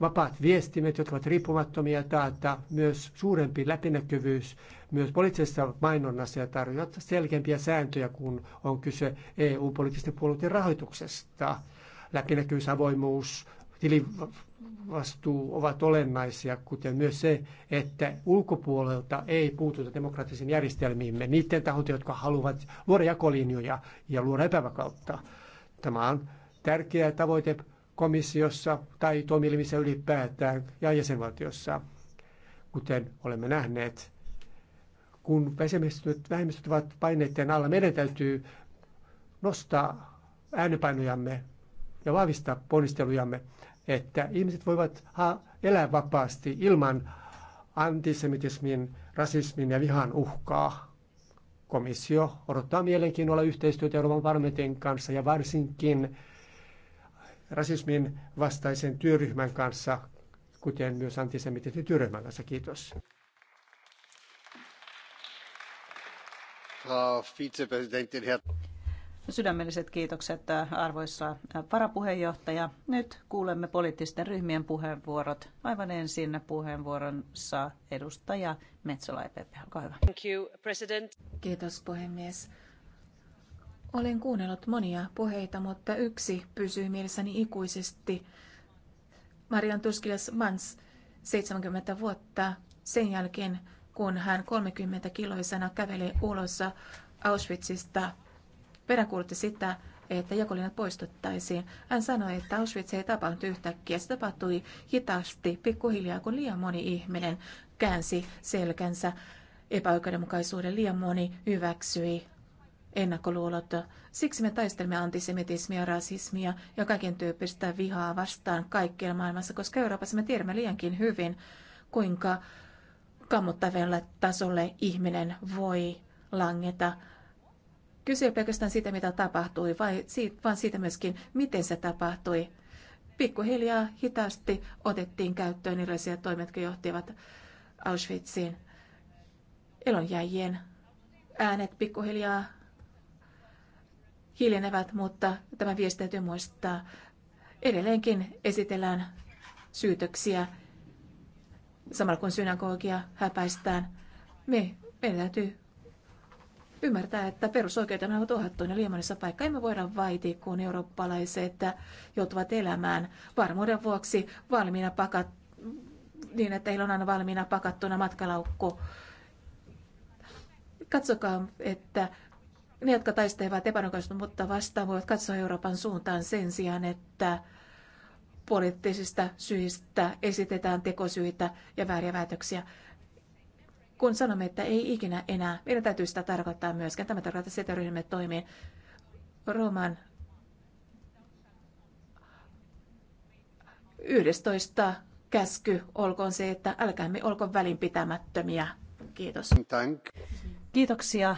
vapaat viestimet, jotka ovat riippumattomia, taata myös suurempi läpinäkyvyys myös poliittisessa mainonnassa ja tarjota selkeämpiä sääntöjä, kun on kyse EU-poliittisten puolueiden rahoituksesta. Läpinäkyvyys, avoimuus, tilivastuu ovat olennaisia, kuten myös se, että ulkopuolelta ei puututa demokraattisiin järjestelmiimme niiden tahot, jotka haluavat luoda jakolinjoja ja luoda epävakautta. Tämä on tärkeä tavoite komissiossa tai toimielimissä ylipäätään ja jäsenvaltiossa, kuten olemme nähneet. Kun vähemmistöt, vähemmistöt ovat paineiden alla, meidän täytyy nostaa äänenpainojamme ja vahvistaa ponnistelujamme, että ihmiset voivat elää vapaasti ilman antisemitismin, rasismin ja vihan uhkaa. Komissio odottaa mielenkiinnolla yhteistyötä Euroopan parlamentin kanssa ja varsinkin rasismin vastaisen työryhmän kanssa, kuten myös antisemitismin työryhmän kanssa. Kiitos. Sydämelliset kiitokset äh, arvoissa äh, varapuheenjohtaja. Nyt kuulemme poliittisten ryhmien puheenvuorot. Aivan ensin puheenvuoron saa edustaja Metsola Epepe. Olkaa hyvä. Thank you, President. Kiitos puhemies. Olen kuunnellut monia puheita, mutta yksi pysyy mielessäni ikuisesti. Marian Tuskilas Mans, 70 vuotta sen jälkeen, kun hän 30-kiloisena käveli ulos Auschwitzista, peräkuulutti sitä, että jakolinat poistuttaisiin. Hän sanoi, että Auschwitz ei tapahtunut yhtäkkiä. Se tapahtui hitaasti, pikkuhiljaa, kun liian moni ihminen käänsi selkänsä epäoikeudenmukaisuuden. Liian moni hyväksyi ennakkoluulot. Siksi me taistelemme antisemitismia, rasismia ja kaiken tyyppistä vihaa vastaan kaikkialla maailmassa, koska Euroopassa me tiedämme liiankin hyvin, kuinka kammottavalle tasolle ihminen voi langeta. Kyse ei pelkästään siitä, mitä tapahtui, vaan siitä myöskin, miten se tapahtui. Pikkuhiljaa hitaasti otettiin käyttöön erilaisia toimia, jotka johtivat Auschwitziin. Elonjääjien äänet pikkuhiljaa hiljenevät, mutta tämä viesti täytyy muistaa. Edelleenkin esitellään syytöksiä samalla kun synagogia häpäistään. Me, meidän täytyy ymmärtää, että perusoikeutemme ovat ohattuina liimanissa paikka. Emme voida vaitia, kun eurooppalaiset joutuvat elämään varmuuden vuoksi valmiina pakat, niin, että heillä on aina valmiina pakattuna matkalaukku. Katsokaa, että ne, jotka taistelevat mutta vastaan, voivat katsoa Euroopan suuntaan sen sijaan, että poliittisista syistä esitetään tekosyitä ja vääriä väitöksiä. Kun sanomme, että ei ikinä enää, meidän täytyy sitä tarkoittaa myöskään. Tämä tarkoittaa sitä, että ryhmämme toimii. Rooman 11 käsky olkoon se, että älkäämme olko välinpitämättömiä. Kiitos. Kiitoksia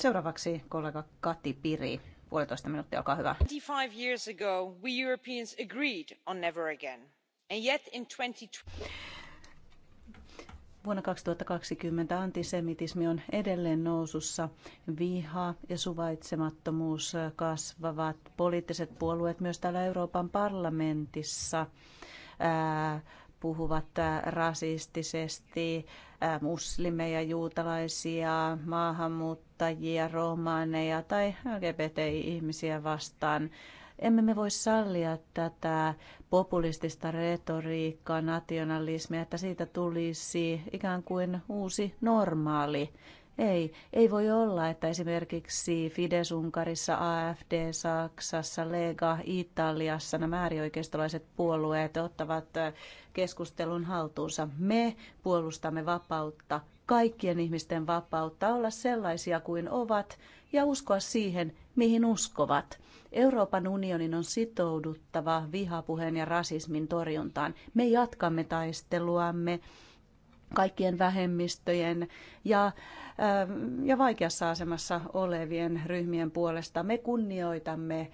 Seuraavaksi kollega Kati Piri. Puolitoista minuuttia, olkaa hyvä. 25 years ago, we Europeans agreed on never again. And yet in 2020... Vuonna 2020 antisemitismi on edelleen nousussa. Viha ja suvaitsemattomuus kasvavat. Poliittiset puolueet myös täällä Euroopan parlamentissa puhuvat äh, rasistisesti äh, muslimeja, juutalaisia, maahanmuuttajia, romaaneja tai LGBTI-ihmisiä vastaan. Emme me voi sallia tätä populistista retoriikkaa, nationalismia, että siitä tulisi ikään kuin uusi normaali. Ei, ei voi olla, että esimerkiksi Fides Unkarissa, AFD Saksassa, Lega Italiassa nämä äärioikeistolaiset puolueet ottavat keskustelun haltuunsa. Me puolustamme vapautta, kaikkien ihmisten vapautta olla sellaisia kuin ovat ja uskoa siihen, mihin uskovat. Euroopan unionin on sitouduttava vihapuheen ja rasismin torjuntaan. Me jatkamme taisteluamme kaikkien vähemmistöjen ja, ähm, ja vaikeassa asemassa olevien ryhmien puolesta. Me kunnioitamme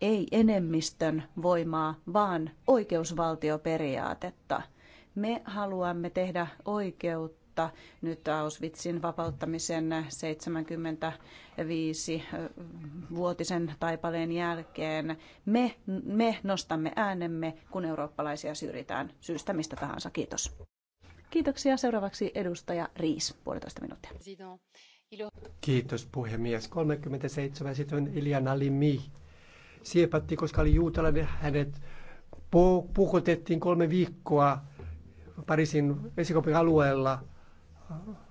ei enemmistön voimaa, vaan oikeusvaltioperiaatetta. Me haluamme tehdä oikeutta nyt Auschwitzin vapauttamisen 75-vuotisen äh, taipaleen jälkeen. Me, me nostamme äänemme, kun eurooppalaisia syrjitään syystä mistä tahansa. Kiitos. Kiitoksia. Seuraavaksi edustaja Riis, puolitoista minuuttia. Kiitos puhemies. 37 sitten Iljana Limi. Siepatti, koska oli juutalainen, hänet pukotettiin kolme viikkoa Pariisin esikopin alueella,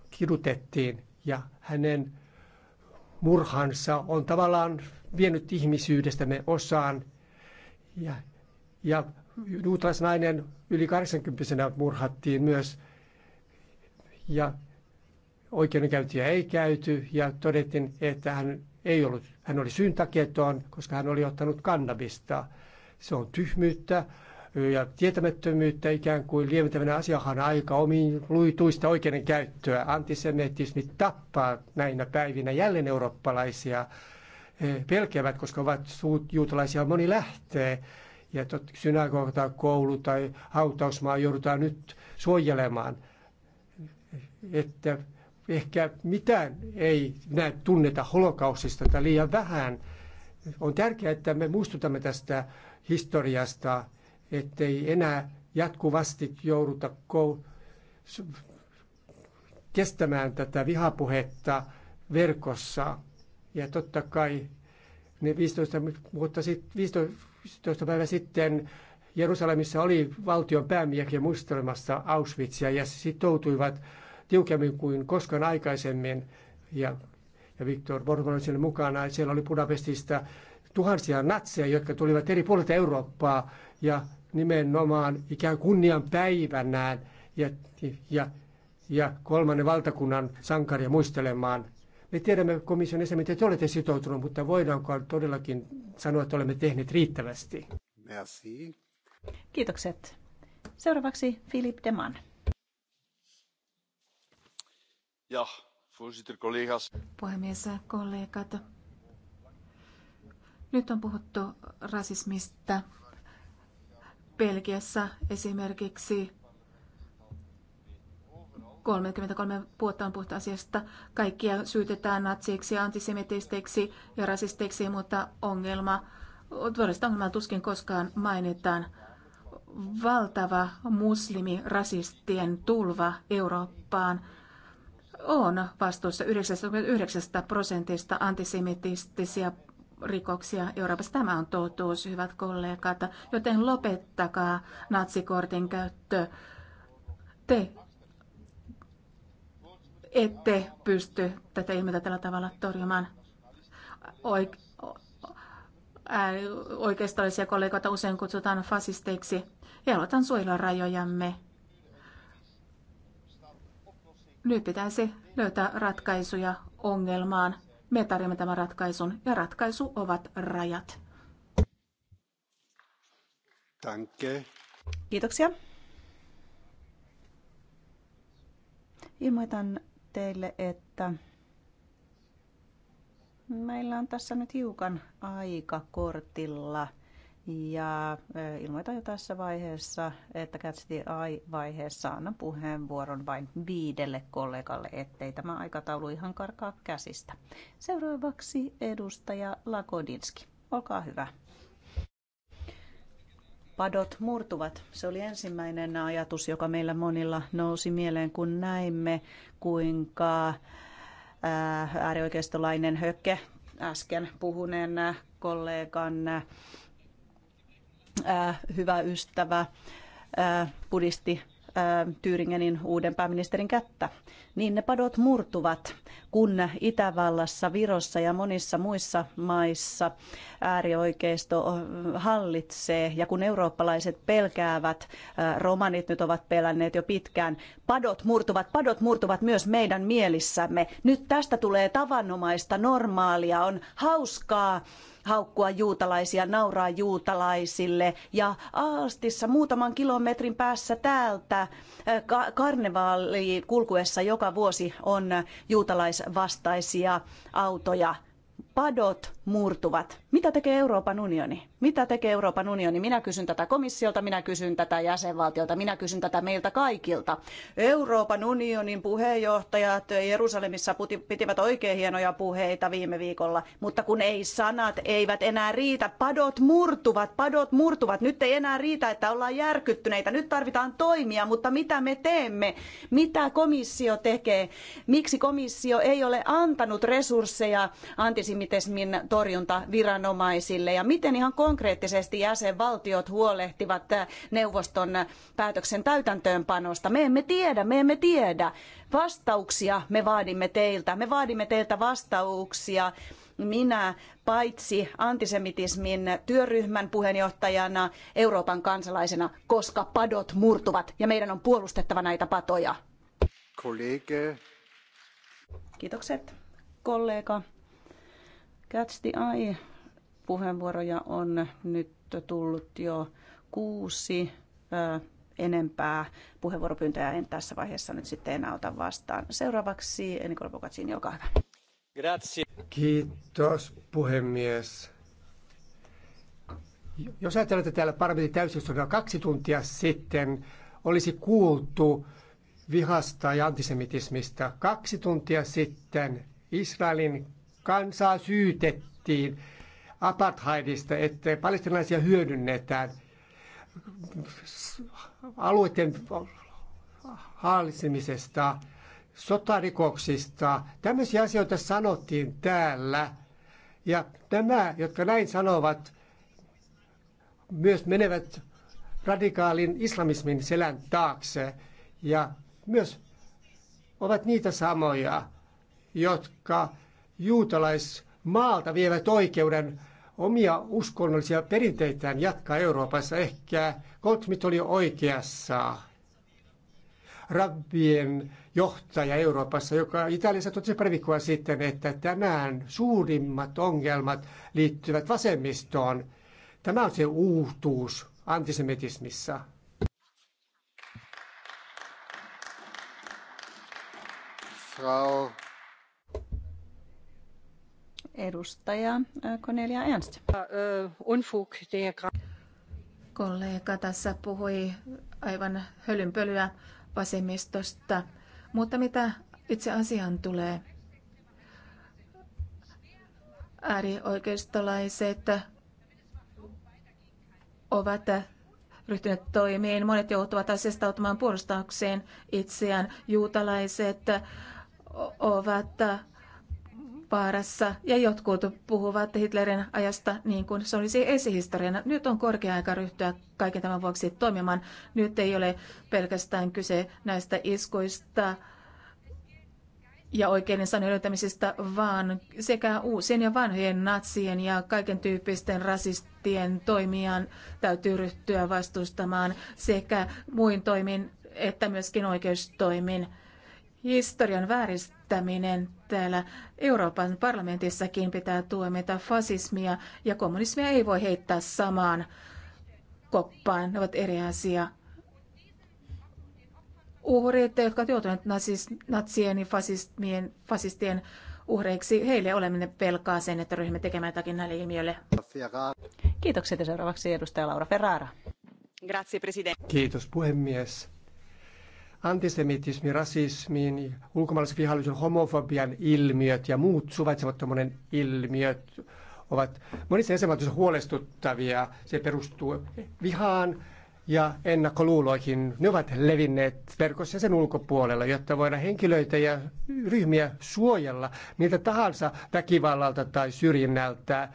kidutettiin ja hänen murhansa on tavallaan vienyt ihmisyydestämme osaan. Ja, ja juutalaisnainen yli 80 murhattiin myös ja oikeudenkäyntiä ei käyty ja todettiin, että hän ei ollut, hän oli syyntaketon, koska hän oli ottanut kannabista. Se on tyhmyyttä ja tietämättömyyttä ikään kuin lieventävänä asiahan aika omiin luituista oikeudenkäyttöä. Antisemitismi tappaa näinä päivinä jälleen eurooppalaisia. He pelkäävät, koska ovat juutalaisia moni lähtee ja synagoga tai koulu tai hautausmaa joudutaan nyt suojelemaan että ehkä mitään ei näe tunneta holokaustista tai liian vähän. On tärkeää, että me muistutamme tästä historiasta, ettei enää jatkuvasti jouduta kestämään tätä vihapuhetta verkossa. Ja totta kai ne 15, vuotta sit, 15, 15 päivää sitten Jerusalemissa oli valtion päämiehiä muistelemassa Auschwitzia ja sitoutuivat tiukemmin kuin koskaan aikaisemmin. Ja, ja Viktor Borman oli siellä mukana. Siellä oli Budapestista tuhansia natseja, jotka tulivat eri puolilta Eurooppaa ja nimenomaan ikään kunnian päivänään ja, ja, ja kolmannen valtakunnan sankaria muistelemaan. Me tiedämme komission jäsen, että te olette sitoutuneet, mutta voidaanko todellakin sanoa, että olemme tehneet riittävästi? Merci. Kiitokset. Seuraavaksi Filip Deman. Ja, voorzitter, collega's. Puhemies, kollegat. Nyt on puhuttu rasismista. Belgiassa esimerkiksi 33 vuotta on puhuttu asiasta. Kaikkia syytetään natsiiksi, antisemitisteiksi ja rasisteiksi, mutta ongelma, todellista ongelmaa tuskin koskaan mainitaan valtava muslimirasistien tulva Eurooppaan on vastuussa 99 prosentista antisemitistisiä rikoksia Euroopassa. Tämä on totuus, hyvät kollegat, joten lopettakaa natsikortin käyttö. Te ette pysty tätä ilmiötä tällä tavalla torjumaan. Oike- oikeistolaisia kollegoita usein kutsutaan fasisteiksi velotan suojella rajojamme. Nyt pitäisi löytää ratkaisuja ongelmaan. Me tarjoamme tämän ratkaisun ja ratkaisu ovat rajat. Danke. Kiitoksia. Ilmoitan teille, että meillä on tässä nyt hiukan aika kortilla. Ja ilmoitan jo tässä vaiheessa, että Catch the Eye-vaiheessa annan puheenvuoron vain viidelle kollegalle, ettei tämä aikataulu ihan karkaa käsistä. Seuraavaksi edustaja Lakodinski. Olkaa hyvä. Padot murtuvat. Se oli ensimmäinen ajatus, joka meillä monilla nousi mieleen, kun näimme, kuinka äärioikeistolainen hökke äsken puhuneen kollegan Äh, hyvä ystävä äh, pudisti äh, Tyyringenin uuden pääministerin kättä. Niin ne padot murtuvat, kun Itävallassa, Virossa ja monissa muissa maissa äärioikeisto hallitsee ja kun eurooppalaiset pelkäävät, äh, romanit nyt ovat pelänneet jo pitkään, padot murtuvat, padot murtuvat myös meidän mielissämme. Nyt tästä tulee tavanomaista, normaalia, on hauskaa haukkua juutalaisia, nauraa juutalaisille. Ja Aastissa muutaman kilometrin päässä täältä äh, ka- karnevaali kulkuessa joka vuosi on juutalais vastaisia autoja padot murtuvat. Mitä tekee Euroopan unioni? Mitä tekee Euroopan unioni? Minä kysyn tätä komissiolta, minä kysyn tätä jäsenvaltiolta, minä kysyn tätä meiltä kaikilta. Euroopan unionin puheenjohtajat Jerusalemissa pitivät oikein hienoja puheita viime viikolla, mutta kun ei sanat eivät enää riitä, padot murtuvat, padot murtuvat. Nyt ei enää riitä, että ollaan järkyttyneitä. Nyt tarvitaan toimia, mutta mitä me teemme? Mitä komissio tekee? Miksi komissio ei ole antanut resursseja antisemitiikkaan? antisemitismin torjunta viranomaisille ja miten ihan konkreettisesti jäsenvaltiot huolehtivat äh, neuvoston päätöksen täytäntöönpanosta. Me emme tiedä, me emme tiedä. Vastauksia me vaadimme teiltä. Me vaadimme teiltä vastauksia minä paitsi antisemitismin työryhmän puheenjohtajana Euroopan kansalaisena, koska padot murtuvat ja meidän on puolustettava näitä patoja. Kollege. Kiitokset, kollega. Catch the Eye-puheenvuoroja on nyt tullut jo kuusi enempää. Puheenvuoropyyntöjä en tässä vaiheessa nyt sitten enää ota vastaan. Seuraavaksi Nikola Bokatsin, olkaa hyvä. Grazie. Kiitos puhemies. Jos ajatellaan, että täällä parlamentin täysistunnolla kaksi tuntia sitten olisi kuultu vihasta ja antisemitismista. Kaksi tuntia sitten Israelin kansaa syytettiin apartheidista, että palestinaisia hyödynnetään alueiden hallitsemisesta, sotarikoksista. Tämmöisiä asioita sanottiin täällä. Ja nämä, jotka näin sanovat, myös menevät radikaalin islamismin selän taakse ja myös ovat niitä samoja, jotka juutalaismaalta vievät oikeuden omia uskonnollisia perinteitään jatkaa Euroopassa. Ehkä Goldsmith oli oikeassa rabbien johtaja Euroopassa, joka Italiassa totesi pari viikkoa sitten, että tänään suurimmat ongelmat liittyvät vasemmistoon. Tämä on se uutuus antisemitismissa. Frau Edustaja Cornelia Ernst. Er Kollega tässä puhui aivan hölynpölyä vasemmistosta, mutta mitä itse asiaan tulee? Äärioikeistolaiset ovat ryhtyneet toimiin. Monet joutuvat asestautumaan puolustaakseen itseään. Juutalaiset ovat vaarassa ja jotkut puhuvat Hitlerin ajasta niin kuin se olisi esihistoriana. Nyt on korkea aika ryhtyä kaiken tämän vuoksi toimimaan. Nyt ei ole pelkästään kyse näistä iskuista ja oikeiden sanojen löytämisestä, vaan sekä uusien ja vanhojen natsien ja kaiken tyyppisten rasistien toimijan täytyy ryhtyä vastustamaan sekä muin toimin että myöskin oikeustoimin. Historian vääristäminen täällä Euroopan parlamentissakin pitää tuomita fasismia ja kommunismia ei voi heittää samaan koppaan. Ne ovat eri asia. Uhrit, jotka ovat joutuneet natsien ja fasistien, uhreiksi, heille oleminen pelkaa sen, että ryhmä tekemään jotakin näille ilmiöille. Kiitoksia seuraavaksi edustaja Laura Ferrara. Grazie, Kiitos puhemies antisemitismi, rasismin, ulkomaalaisen homofobian ilmiöt ja muut suvaitsemattomuuden ilmiöt ovat monissa jäsenvaltioissa huolestuttavia. Se perustuu vihaan ja ennakkoluuloihin. Ne ovat levinneet verkossa sen ulkopuolella, jotta voidaan henkilöitä ja ryhmiä suojella miltä tahansa väkivallalta tai syrjinnältä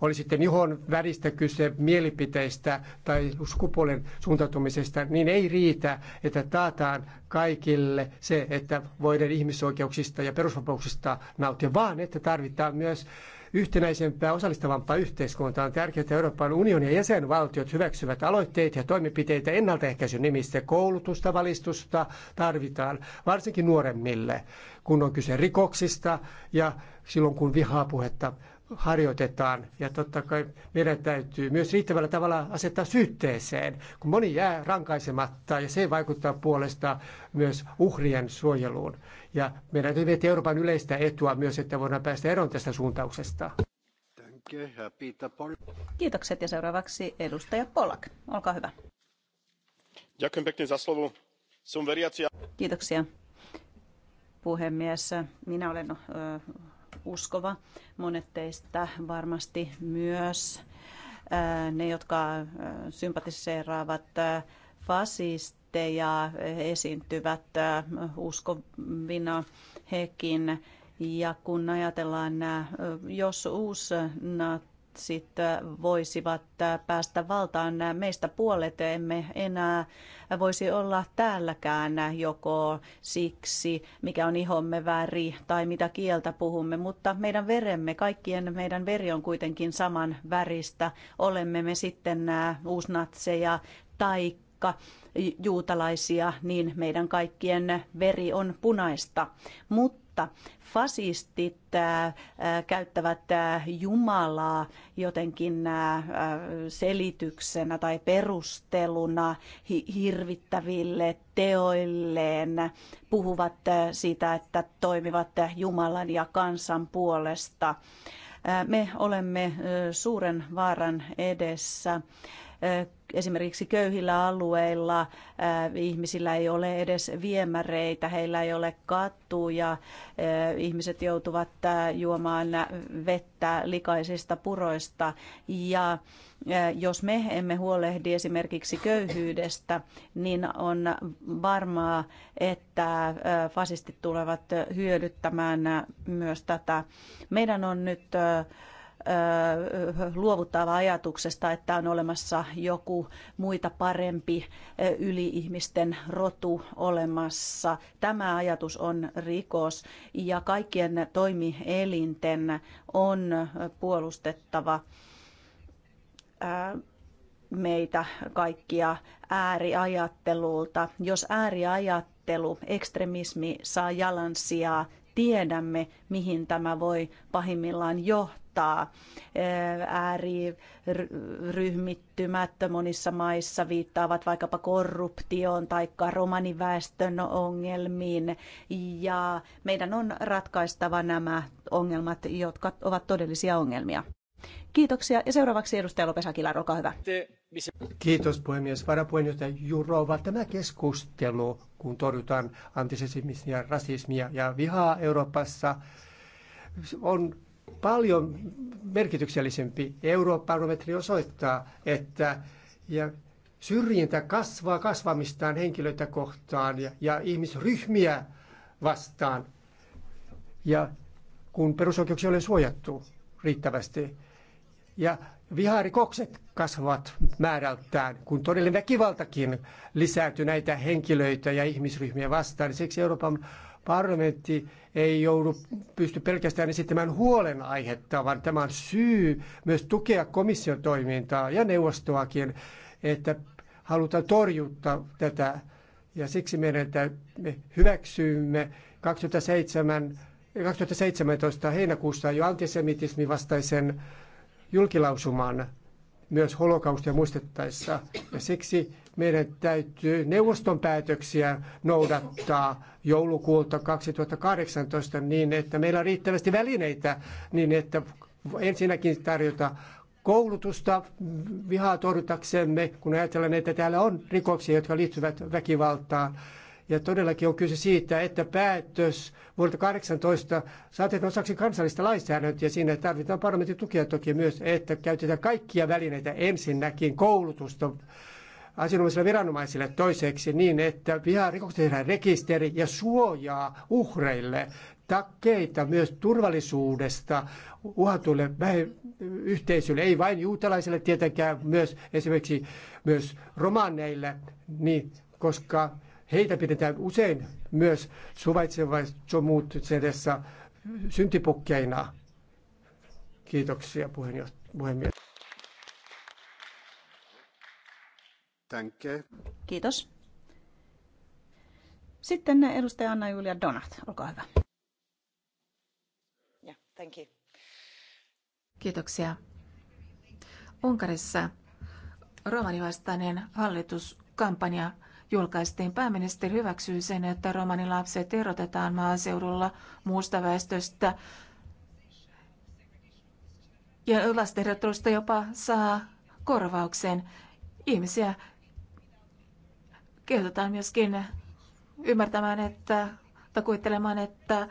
oli sitten ihon väristä kyse, mielipiteistä tai sukupuolen suuntautumisesta, niin ei riitä, että taataan kaikille se, että voidaan ihmisoikeuksista ja perusvapauksista nauttia, vaan että tarvitaan myös yhtenäisempää, osallistavampaa yhteiskuntaa. On tärkeää, että Euroopan unionin ja jäsenvaltiot hyväksyvät aloitteita ja toimenpiteitä ennaltaehkäisyn nimissä. Koulutusta, valistusta tarvitaan, varsinkin nuoremmille, kun on kyse rikoksista ja silloin, kun puhetta harjoitetaan. Ja totta kai meidän täytyy myös riittävällä tavalla asettaa syytteeseen, kun moni jää rankaisematta ja se vaikuttaa puolesta myös uhrien suojeluun. Ja meidän täytyy miettiä Euroopan yleistä etua myös, että voidaan päästä eroon tästä suuntauksesta. Kiitokset ja seuraavaksi edustaja Polak. Olkaa hyvä. Kiitoksia puhemies. Minä olen uskova. Monet teistä varmasti myös äh, ne, jotka äh, sympatiseeraavat äh, fasisteja, esiintyvät uskovina hekin. Ja kun ajatellaan, jos uusi natsit voisivat päästä valtaan meistä puolet, emme enää voisi olla täälläkään joko siksi, mikä on ihomme väri tai mitä kieltä puhumme, mutta meidän veremme, kaikkien meidän veri on kuitenkin saman väristä. Olemme me sitten nämä uusnatseja tai juutalaisia, niin meidän kaikkien veri on punaista. Mutta mutta Fasistit äh, äh, käyttävät äh, Jumalaa jotenkin selityksenä tai perusteluna hirvittäville teoilleen. Puhuvat siitä, että toimivat Jumalan ja kansan puolesta. Me olemme suuren vaaran edessä esimerkiksi köyhillä alueilla ihmisillä ei ole edes viemäreitä, heillä ei ole kattuja, ihmiset joutuvat juomaan vettä likaisista puroista ja jos me emme huolehdi esimerkiksi köyhyydestä, niin on varmaa, että fasistit tulevat hyödyttämään myös tätä. Meidän on nyt luovuttava ajatuksesta, että on olemassa joku muita parempi yliihmisten rotu olemassa. Tämä ajatus on rikos ja kaikkien toimielinten on puolustettava meitä kaikkia ääriajattelulta. Jos ääriajattelu, ekstremismi saa jalansijaa, tiedämme, mihin tämä voi pahimmillaan johtaa kohtaa Ääriryhmittymät monissa maissa viittaavat vaikkapa korruptioon tai romaniväestön ongelmiin. Ja meidän on ratkaistava nämä ongelmat, jotka ovat todellisia ongelmia. Kiitoksia. Ja seuraavaksi edustaja Lopes Akilar, olkaa hyvä. Kiitos puhemies. Varapuheenjohtaja Jurova, tämä keskustelu, kun torjutaan antisemitismia, rasismia ja vihaa Euroopassa, on paljon merkityksellisempi. Eurobarometri osoittaa, että ja syrjintä kasvaa kasvamistaan henkilöitä kohtaan ja, ja ihmisryhmiä vastaan. Ja kun perusoikeuksia ole suojattu riittävästi. Ja viharikokset kasvavat määrältään, kun todellinen väkivaltakin lisääntyy näitä henkilöitä ja ihmisryhmiä vastaan. Siksi Euroopan parlamentti ei joudu pysty pelkästään esittämään huolenaihetta, vaan tämä on syy myös tukea komission toimintaa ja neuvostoakin, että halutaan torjuttaa tätä. Ja siksi meidän me hyväksyimme 2007, 2017 heinäkuussa jo antisemitismin vastaisen julkilausuman myös holokaustia muistettaessa. Ja siksi meidän täytyy neuvoston päätöksiä noudattaa joulukuulta 2018 niin, että meillä on riittävästi välineitä niin, että ensinnäkin tarjota koulutusta vihaa torjutaksemme, kun ajatellaan, että täällä on rikoksia, jotka liittyvät väkivaltaan. Ja todellakin on kyse siitä, että päätös vuodelta 18 saatetaan osaksi kansallista lainsäädäntöä. Siinä tarvitaan parlamentin tukea toki myös, että käytetään kaikkia välineitä ensinnäkin koulutusta asianomaisille viranomaisille toiseksi niin, että viharikokset rekisteri ja suojaa uhreille takkeita myös turvallisuudesta uhatulle yhteisölle, ei vain juutalaisille tietenkään, myös esimerkiksi myös romaneille, niin, koska heitä pidetään usein myös suvaitsevaisuudessa syntipukkeina. Kiitoksia puhemies. Tänke. Kiitos. Sitten edustaja Anna-Julia Donat, olkaa hyvä. Yeah, thank you. Kiitoksia. Unkarissa romanivastainen hallituskampanja julkaistiin. Pääministeri hyväksyy sen, että romanilapset erotetaan maaseudulla muusta väestöstä ja lasten jopa saa korvauksen. Ihmisiä kehotetaan myöskin ymmärtämään, että takuittelemaan, että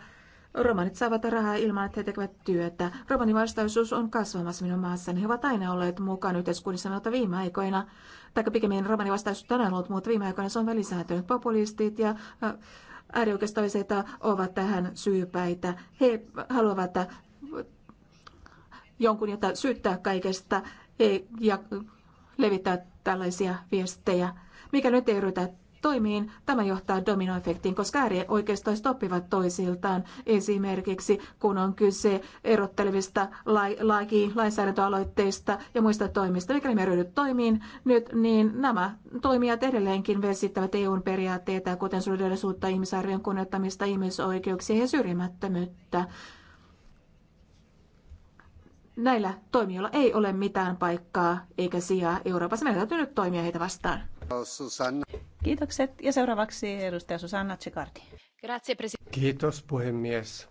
romanit saavat rahaa ilman, että he tekevät työtä. Romanivastaisuus on kasvamassa minun maassani. He ovat aina olleet mukana yhteiskunnissa, mutta viime aikoina, tai pikemmin romanivastaisuus on ollut, mutta viime aikoina se on välisääntynyt. Populistit ja äh, äärioikeistoiset ovat tähän syypäitä. He haluavat jonkun, jota syyttää kaikesta e, ja levittää tällaisia viestejä. Mikä nyt ei ryhdytä toimiin, tämä johtaa dominoefektiin, koska äärioikeistolaiset oppivat toisiltaan. Esimerkiksi kun on kyse erottelevista laki, lainsäädäntöaloitteista ja muista toimista, mikä me ryhdyt toimiin nyt, niin nämä toimijat edelleenkin vesittävät EUn periaatteita, kuten solidarisuutta, ihmisarvion kunnioittamista, ihmisoikeuksia ja syrjimättömyyttä. Näillä toimijoilla ei ole mitään paikkaa eikä sijaa Euroopassa. Meidän täytyy nyt toimia heitä vastaan. Susanna. Kiitokset. Ja seuraavaksi edustaja Susanna Tsekardi. Kiitos puhemies.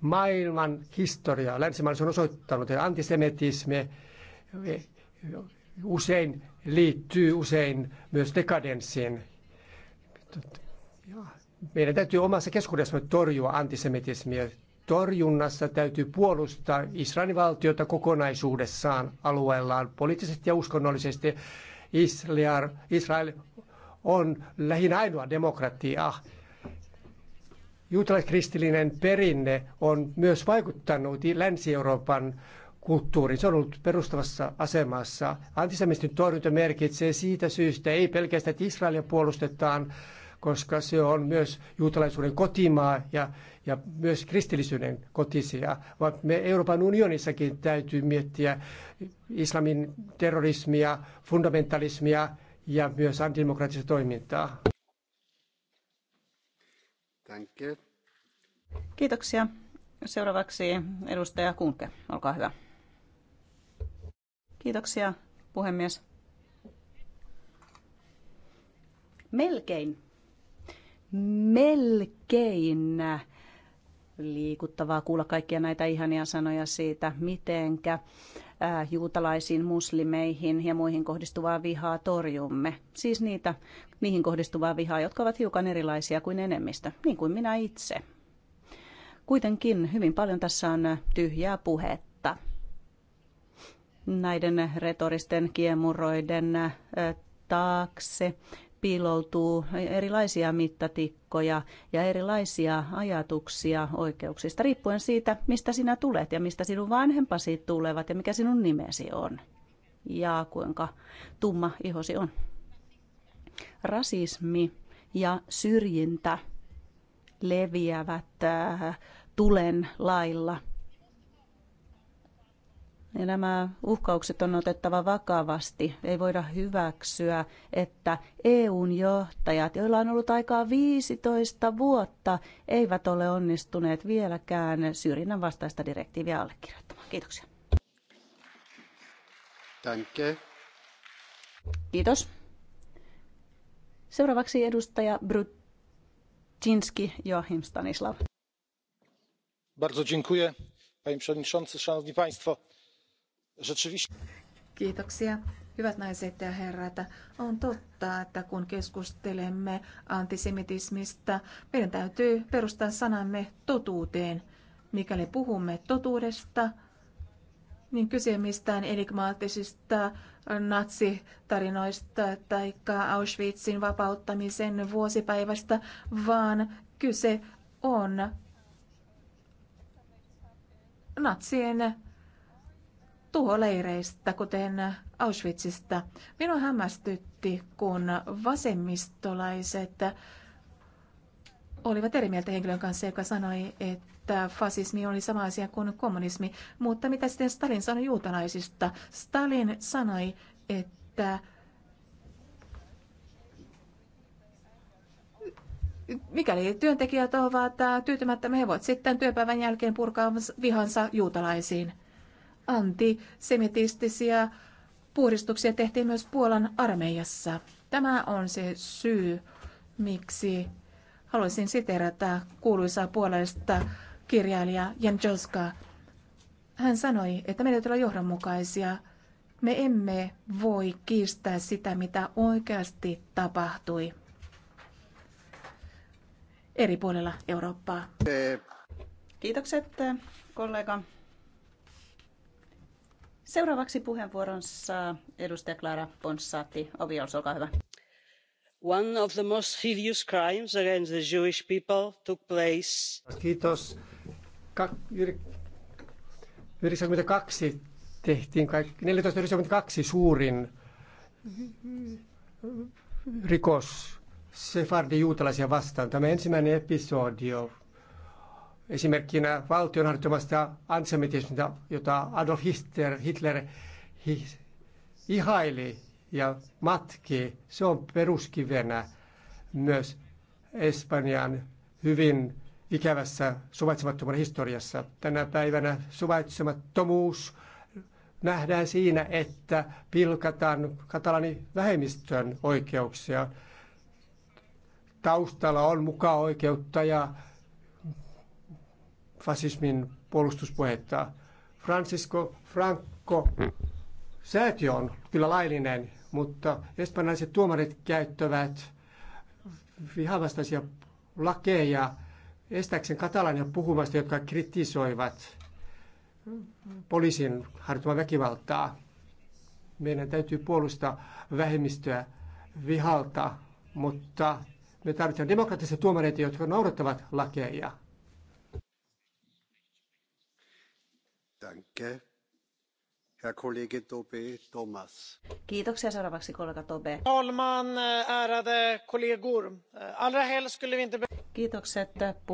Maailman historia länsimaissa on osoittanut, että antisemitismi usein liittyy usein myös dekadenssiin. Meidän täytyy omassa keskuudessamme torjua antisemitismiä. Torjunnassa täytyy puolustaa Israelin valtiota kokonaisuudessaan alueellaan poliittisesti ja uskonnollisesti Israel on lähin ainoa demokratia. Juutalaiskristillinen perinne on myös vaikuttanut Länsi-Euroopan kulttuuriin. Se on ollut perustavassa asemassa. Antisemitin torjunta merkitsee siitä syystä ei pelkästään, että Israelia puolustetaan koska se on myös juutalaisuuden kotimaa ja, ja myös kristillisyyden kotisia. Vaikka me Euroopan unionissakin täytyy miettiä islamin terrorismia, fundamentalismia ja myös antidemokraattista toimintaa. Danke. Kiitoksia. Seuraavaksi edustaja Kunke, olkaa hyvä. Kiitoksia, puhemies. Melkein melkein liikuttavaa kuulla kaikkia näitä ihania sanoja siitä, mitenkä äh, juutalaisiin, muslimeihin ja muihin kohdistuvaa vihaa torjumme. Siis niitä, niihin kohdistuvaa vihaa, jotka ovat hiukan erilaisia kuin enemmistö, niin kuin minä itse. Kuitenkin hyvin paljon tässä on äh, tyhjää puhetta. Näiden retoristen kiemuroiden äh, taakse piiloutuu erilaisia mittatikkoja ja erilaisia ajatuksia oikeuksista, riippuen siitä, mistä sinä tulet ja mistä sinun vanhempasi tulevat ja mikä sinun nimesi on ja kuinka tumma ihosi on. Rasismi ja syrjintä leviävät äh, tulen lailla – ja nämä uhkaukset on otettava vakavasti. Ei voida hyväksyä, että EUn johtajat, joilla on ollut aikaa 15 vuotta, eivät ole onnistuneet vieläkään syrjinnän vastaista direktiiviä allekirjoittamaan. Kiitoksia. Danke. Kiitos. Seuraavaksi edustaja Brudzinski Joachim Stanislav. Bardzo dziękuję, panie przewodniczący, szanowni państwo Kiitoksia. Hyvät naiset ja herrat, on totta, että kun keskustelemme antisemitismistä, meidän täytyy perustaa sanamme totuuteen. Mikäli puhumme totuudesta, niin kyse mistään enigmaattisista natsitarinoista tai Auschwitzin vapauttamisen vuosipäivästä, vaan kyse on natsien tuholeireistä, kuten Auschwitzista. Minua hämmästytti, kun vasemmistolaiset olivat eri mieltä henkilön kanssa, joka sanoi, että fasismi oli sama asia kuin kommunismi. Mutta mitä sitten Stalin sanoi juutalaisista? Stalin sanoi, että mikäli työntekijät ovat tyytymättä, he voivat sitten työpäivän jälkeen purkaa vihansa juutalaisiin antisemitistisiä puhdistuksia tehtiin myös Puolan armeijassa. Tämä on se syy, miksi haluaisin siterata kuuluisaa puolesta kirjailija Jan Joska. Hän sanoi, että meidän täytyy olla johdonmukaisia. Me emme voi kiistää sitä, mitä oikeasti tapahtui eri puolilla Eurooppaa. Kiitokset kollega Seuraavaksi puheenvuoron saa edustaja Clara Ponsati. Oviols, olkaa hyvä. One of the most hideous crimes against the Jewish people took place. Kiitos. Ka- 92 tehtiin kaikki, 1492 suurin rikos Sefardi juutalaisia vastaan. Tämä ensimmäinen episodio esimerkkinä valtion harjoittamasta antisemitismista, jota Adolf Hitler, Hitler ihaili ja matki. Se on peruskivenä myös Espanjan hyvin ikävässä suvaitsemattomuuden historiassa. Tänä päivänä suvaitsemattomuus nähdään siinä, että pilkataan katalani vähemmistön oikeuksia. Taustalla on mukaan oikeutta ja fasismin puolustuspuhetta. Francisco Franco mm. säätiö on kyllä laillinen, mutta espanjalaiset tuomarit käyttävät vihavastaisia lakeja estääkseen katalania puhumasta, jotka kritisoivat poliisin harjoittamaa väkivaltaa. Meidän täytyy puolustaa vähemmistöä vihalta, mutta me tarvitsemme demokraattisia tuomareita, jotka noudattavat lakeja. Kiitoksia seuraavaksi kollega Tobe. Talman, ärade kollegor. Allra helst skulle vi inte... Kiitokset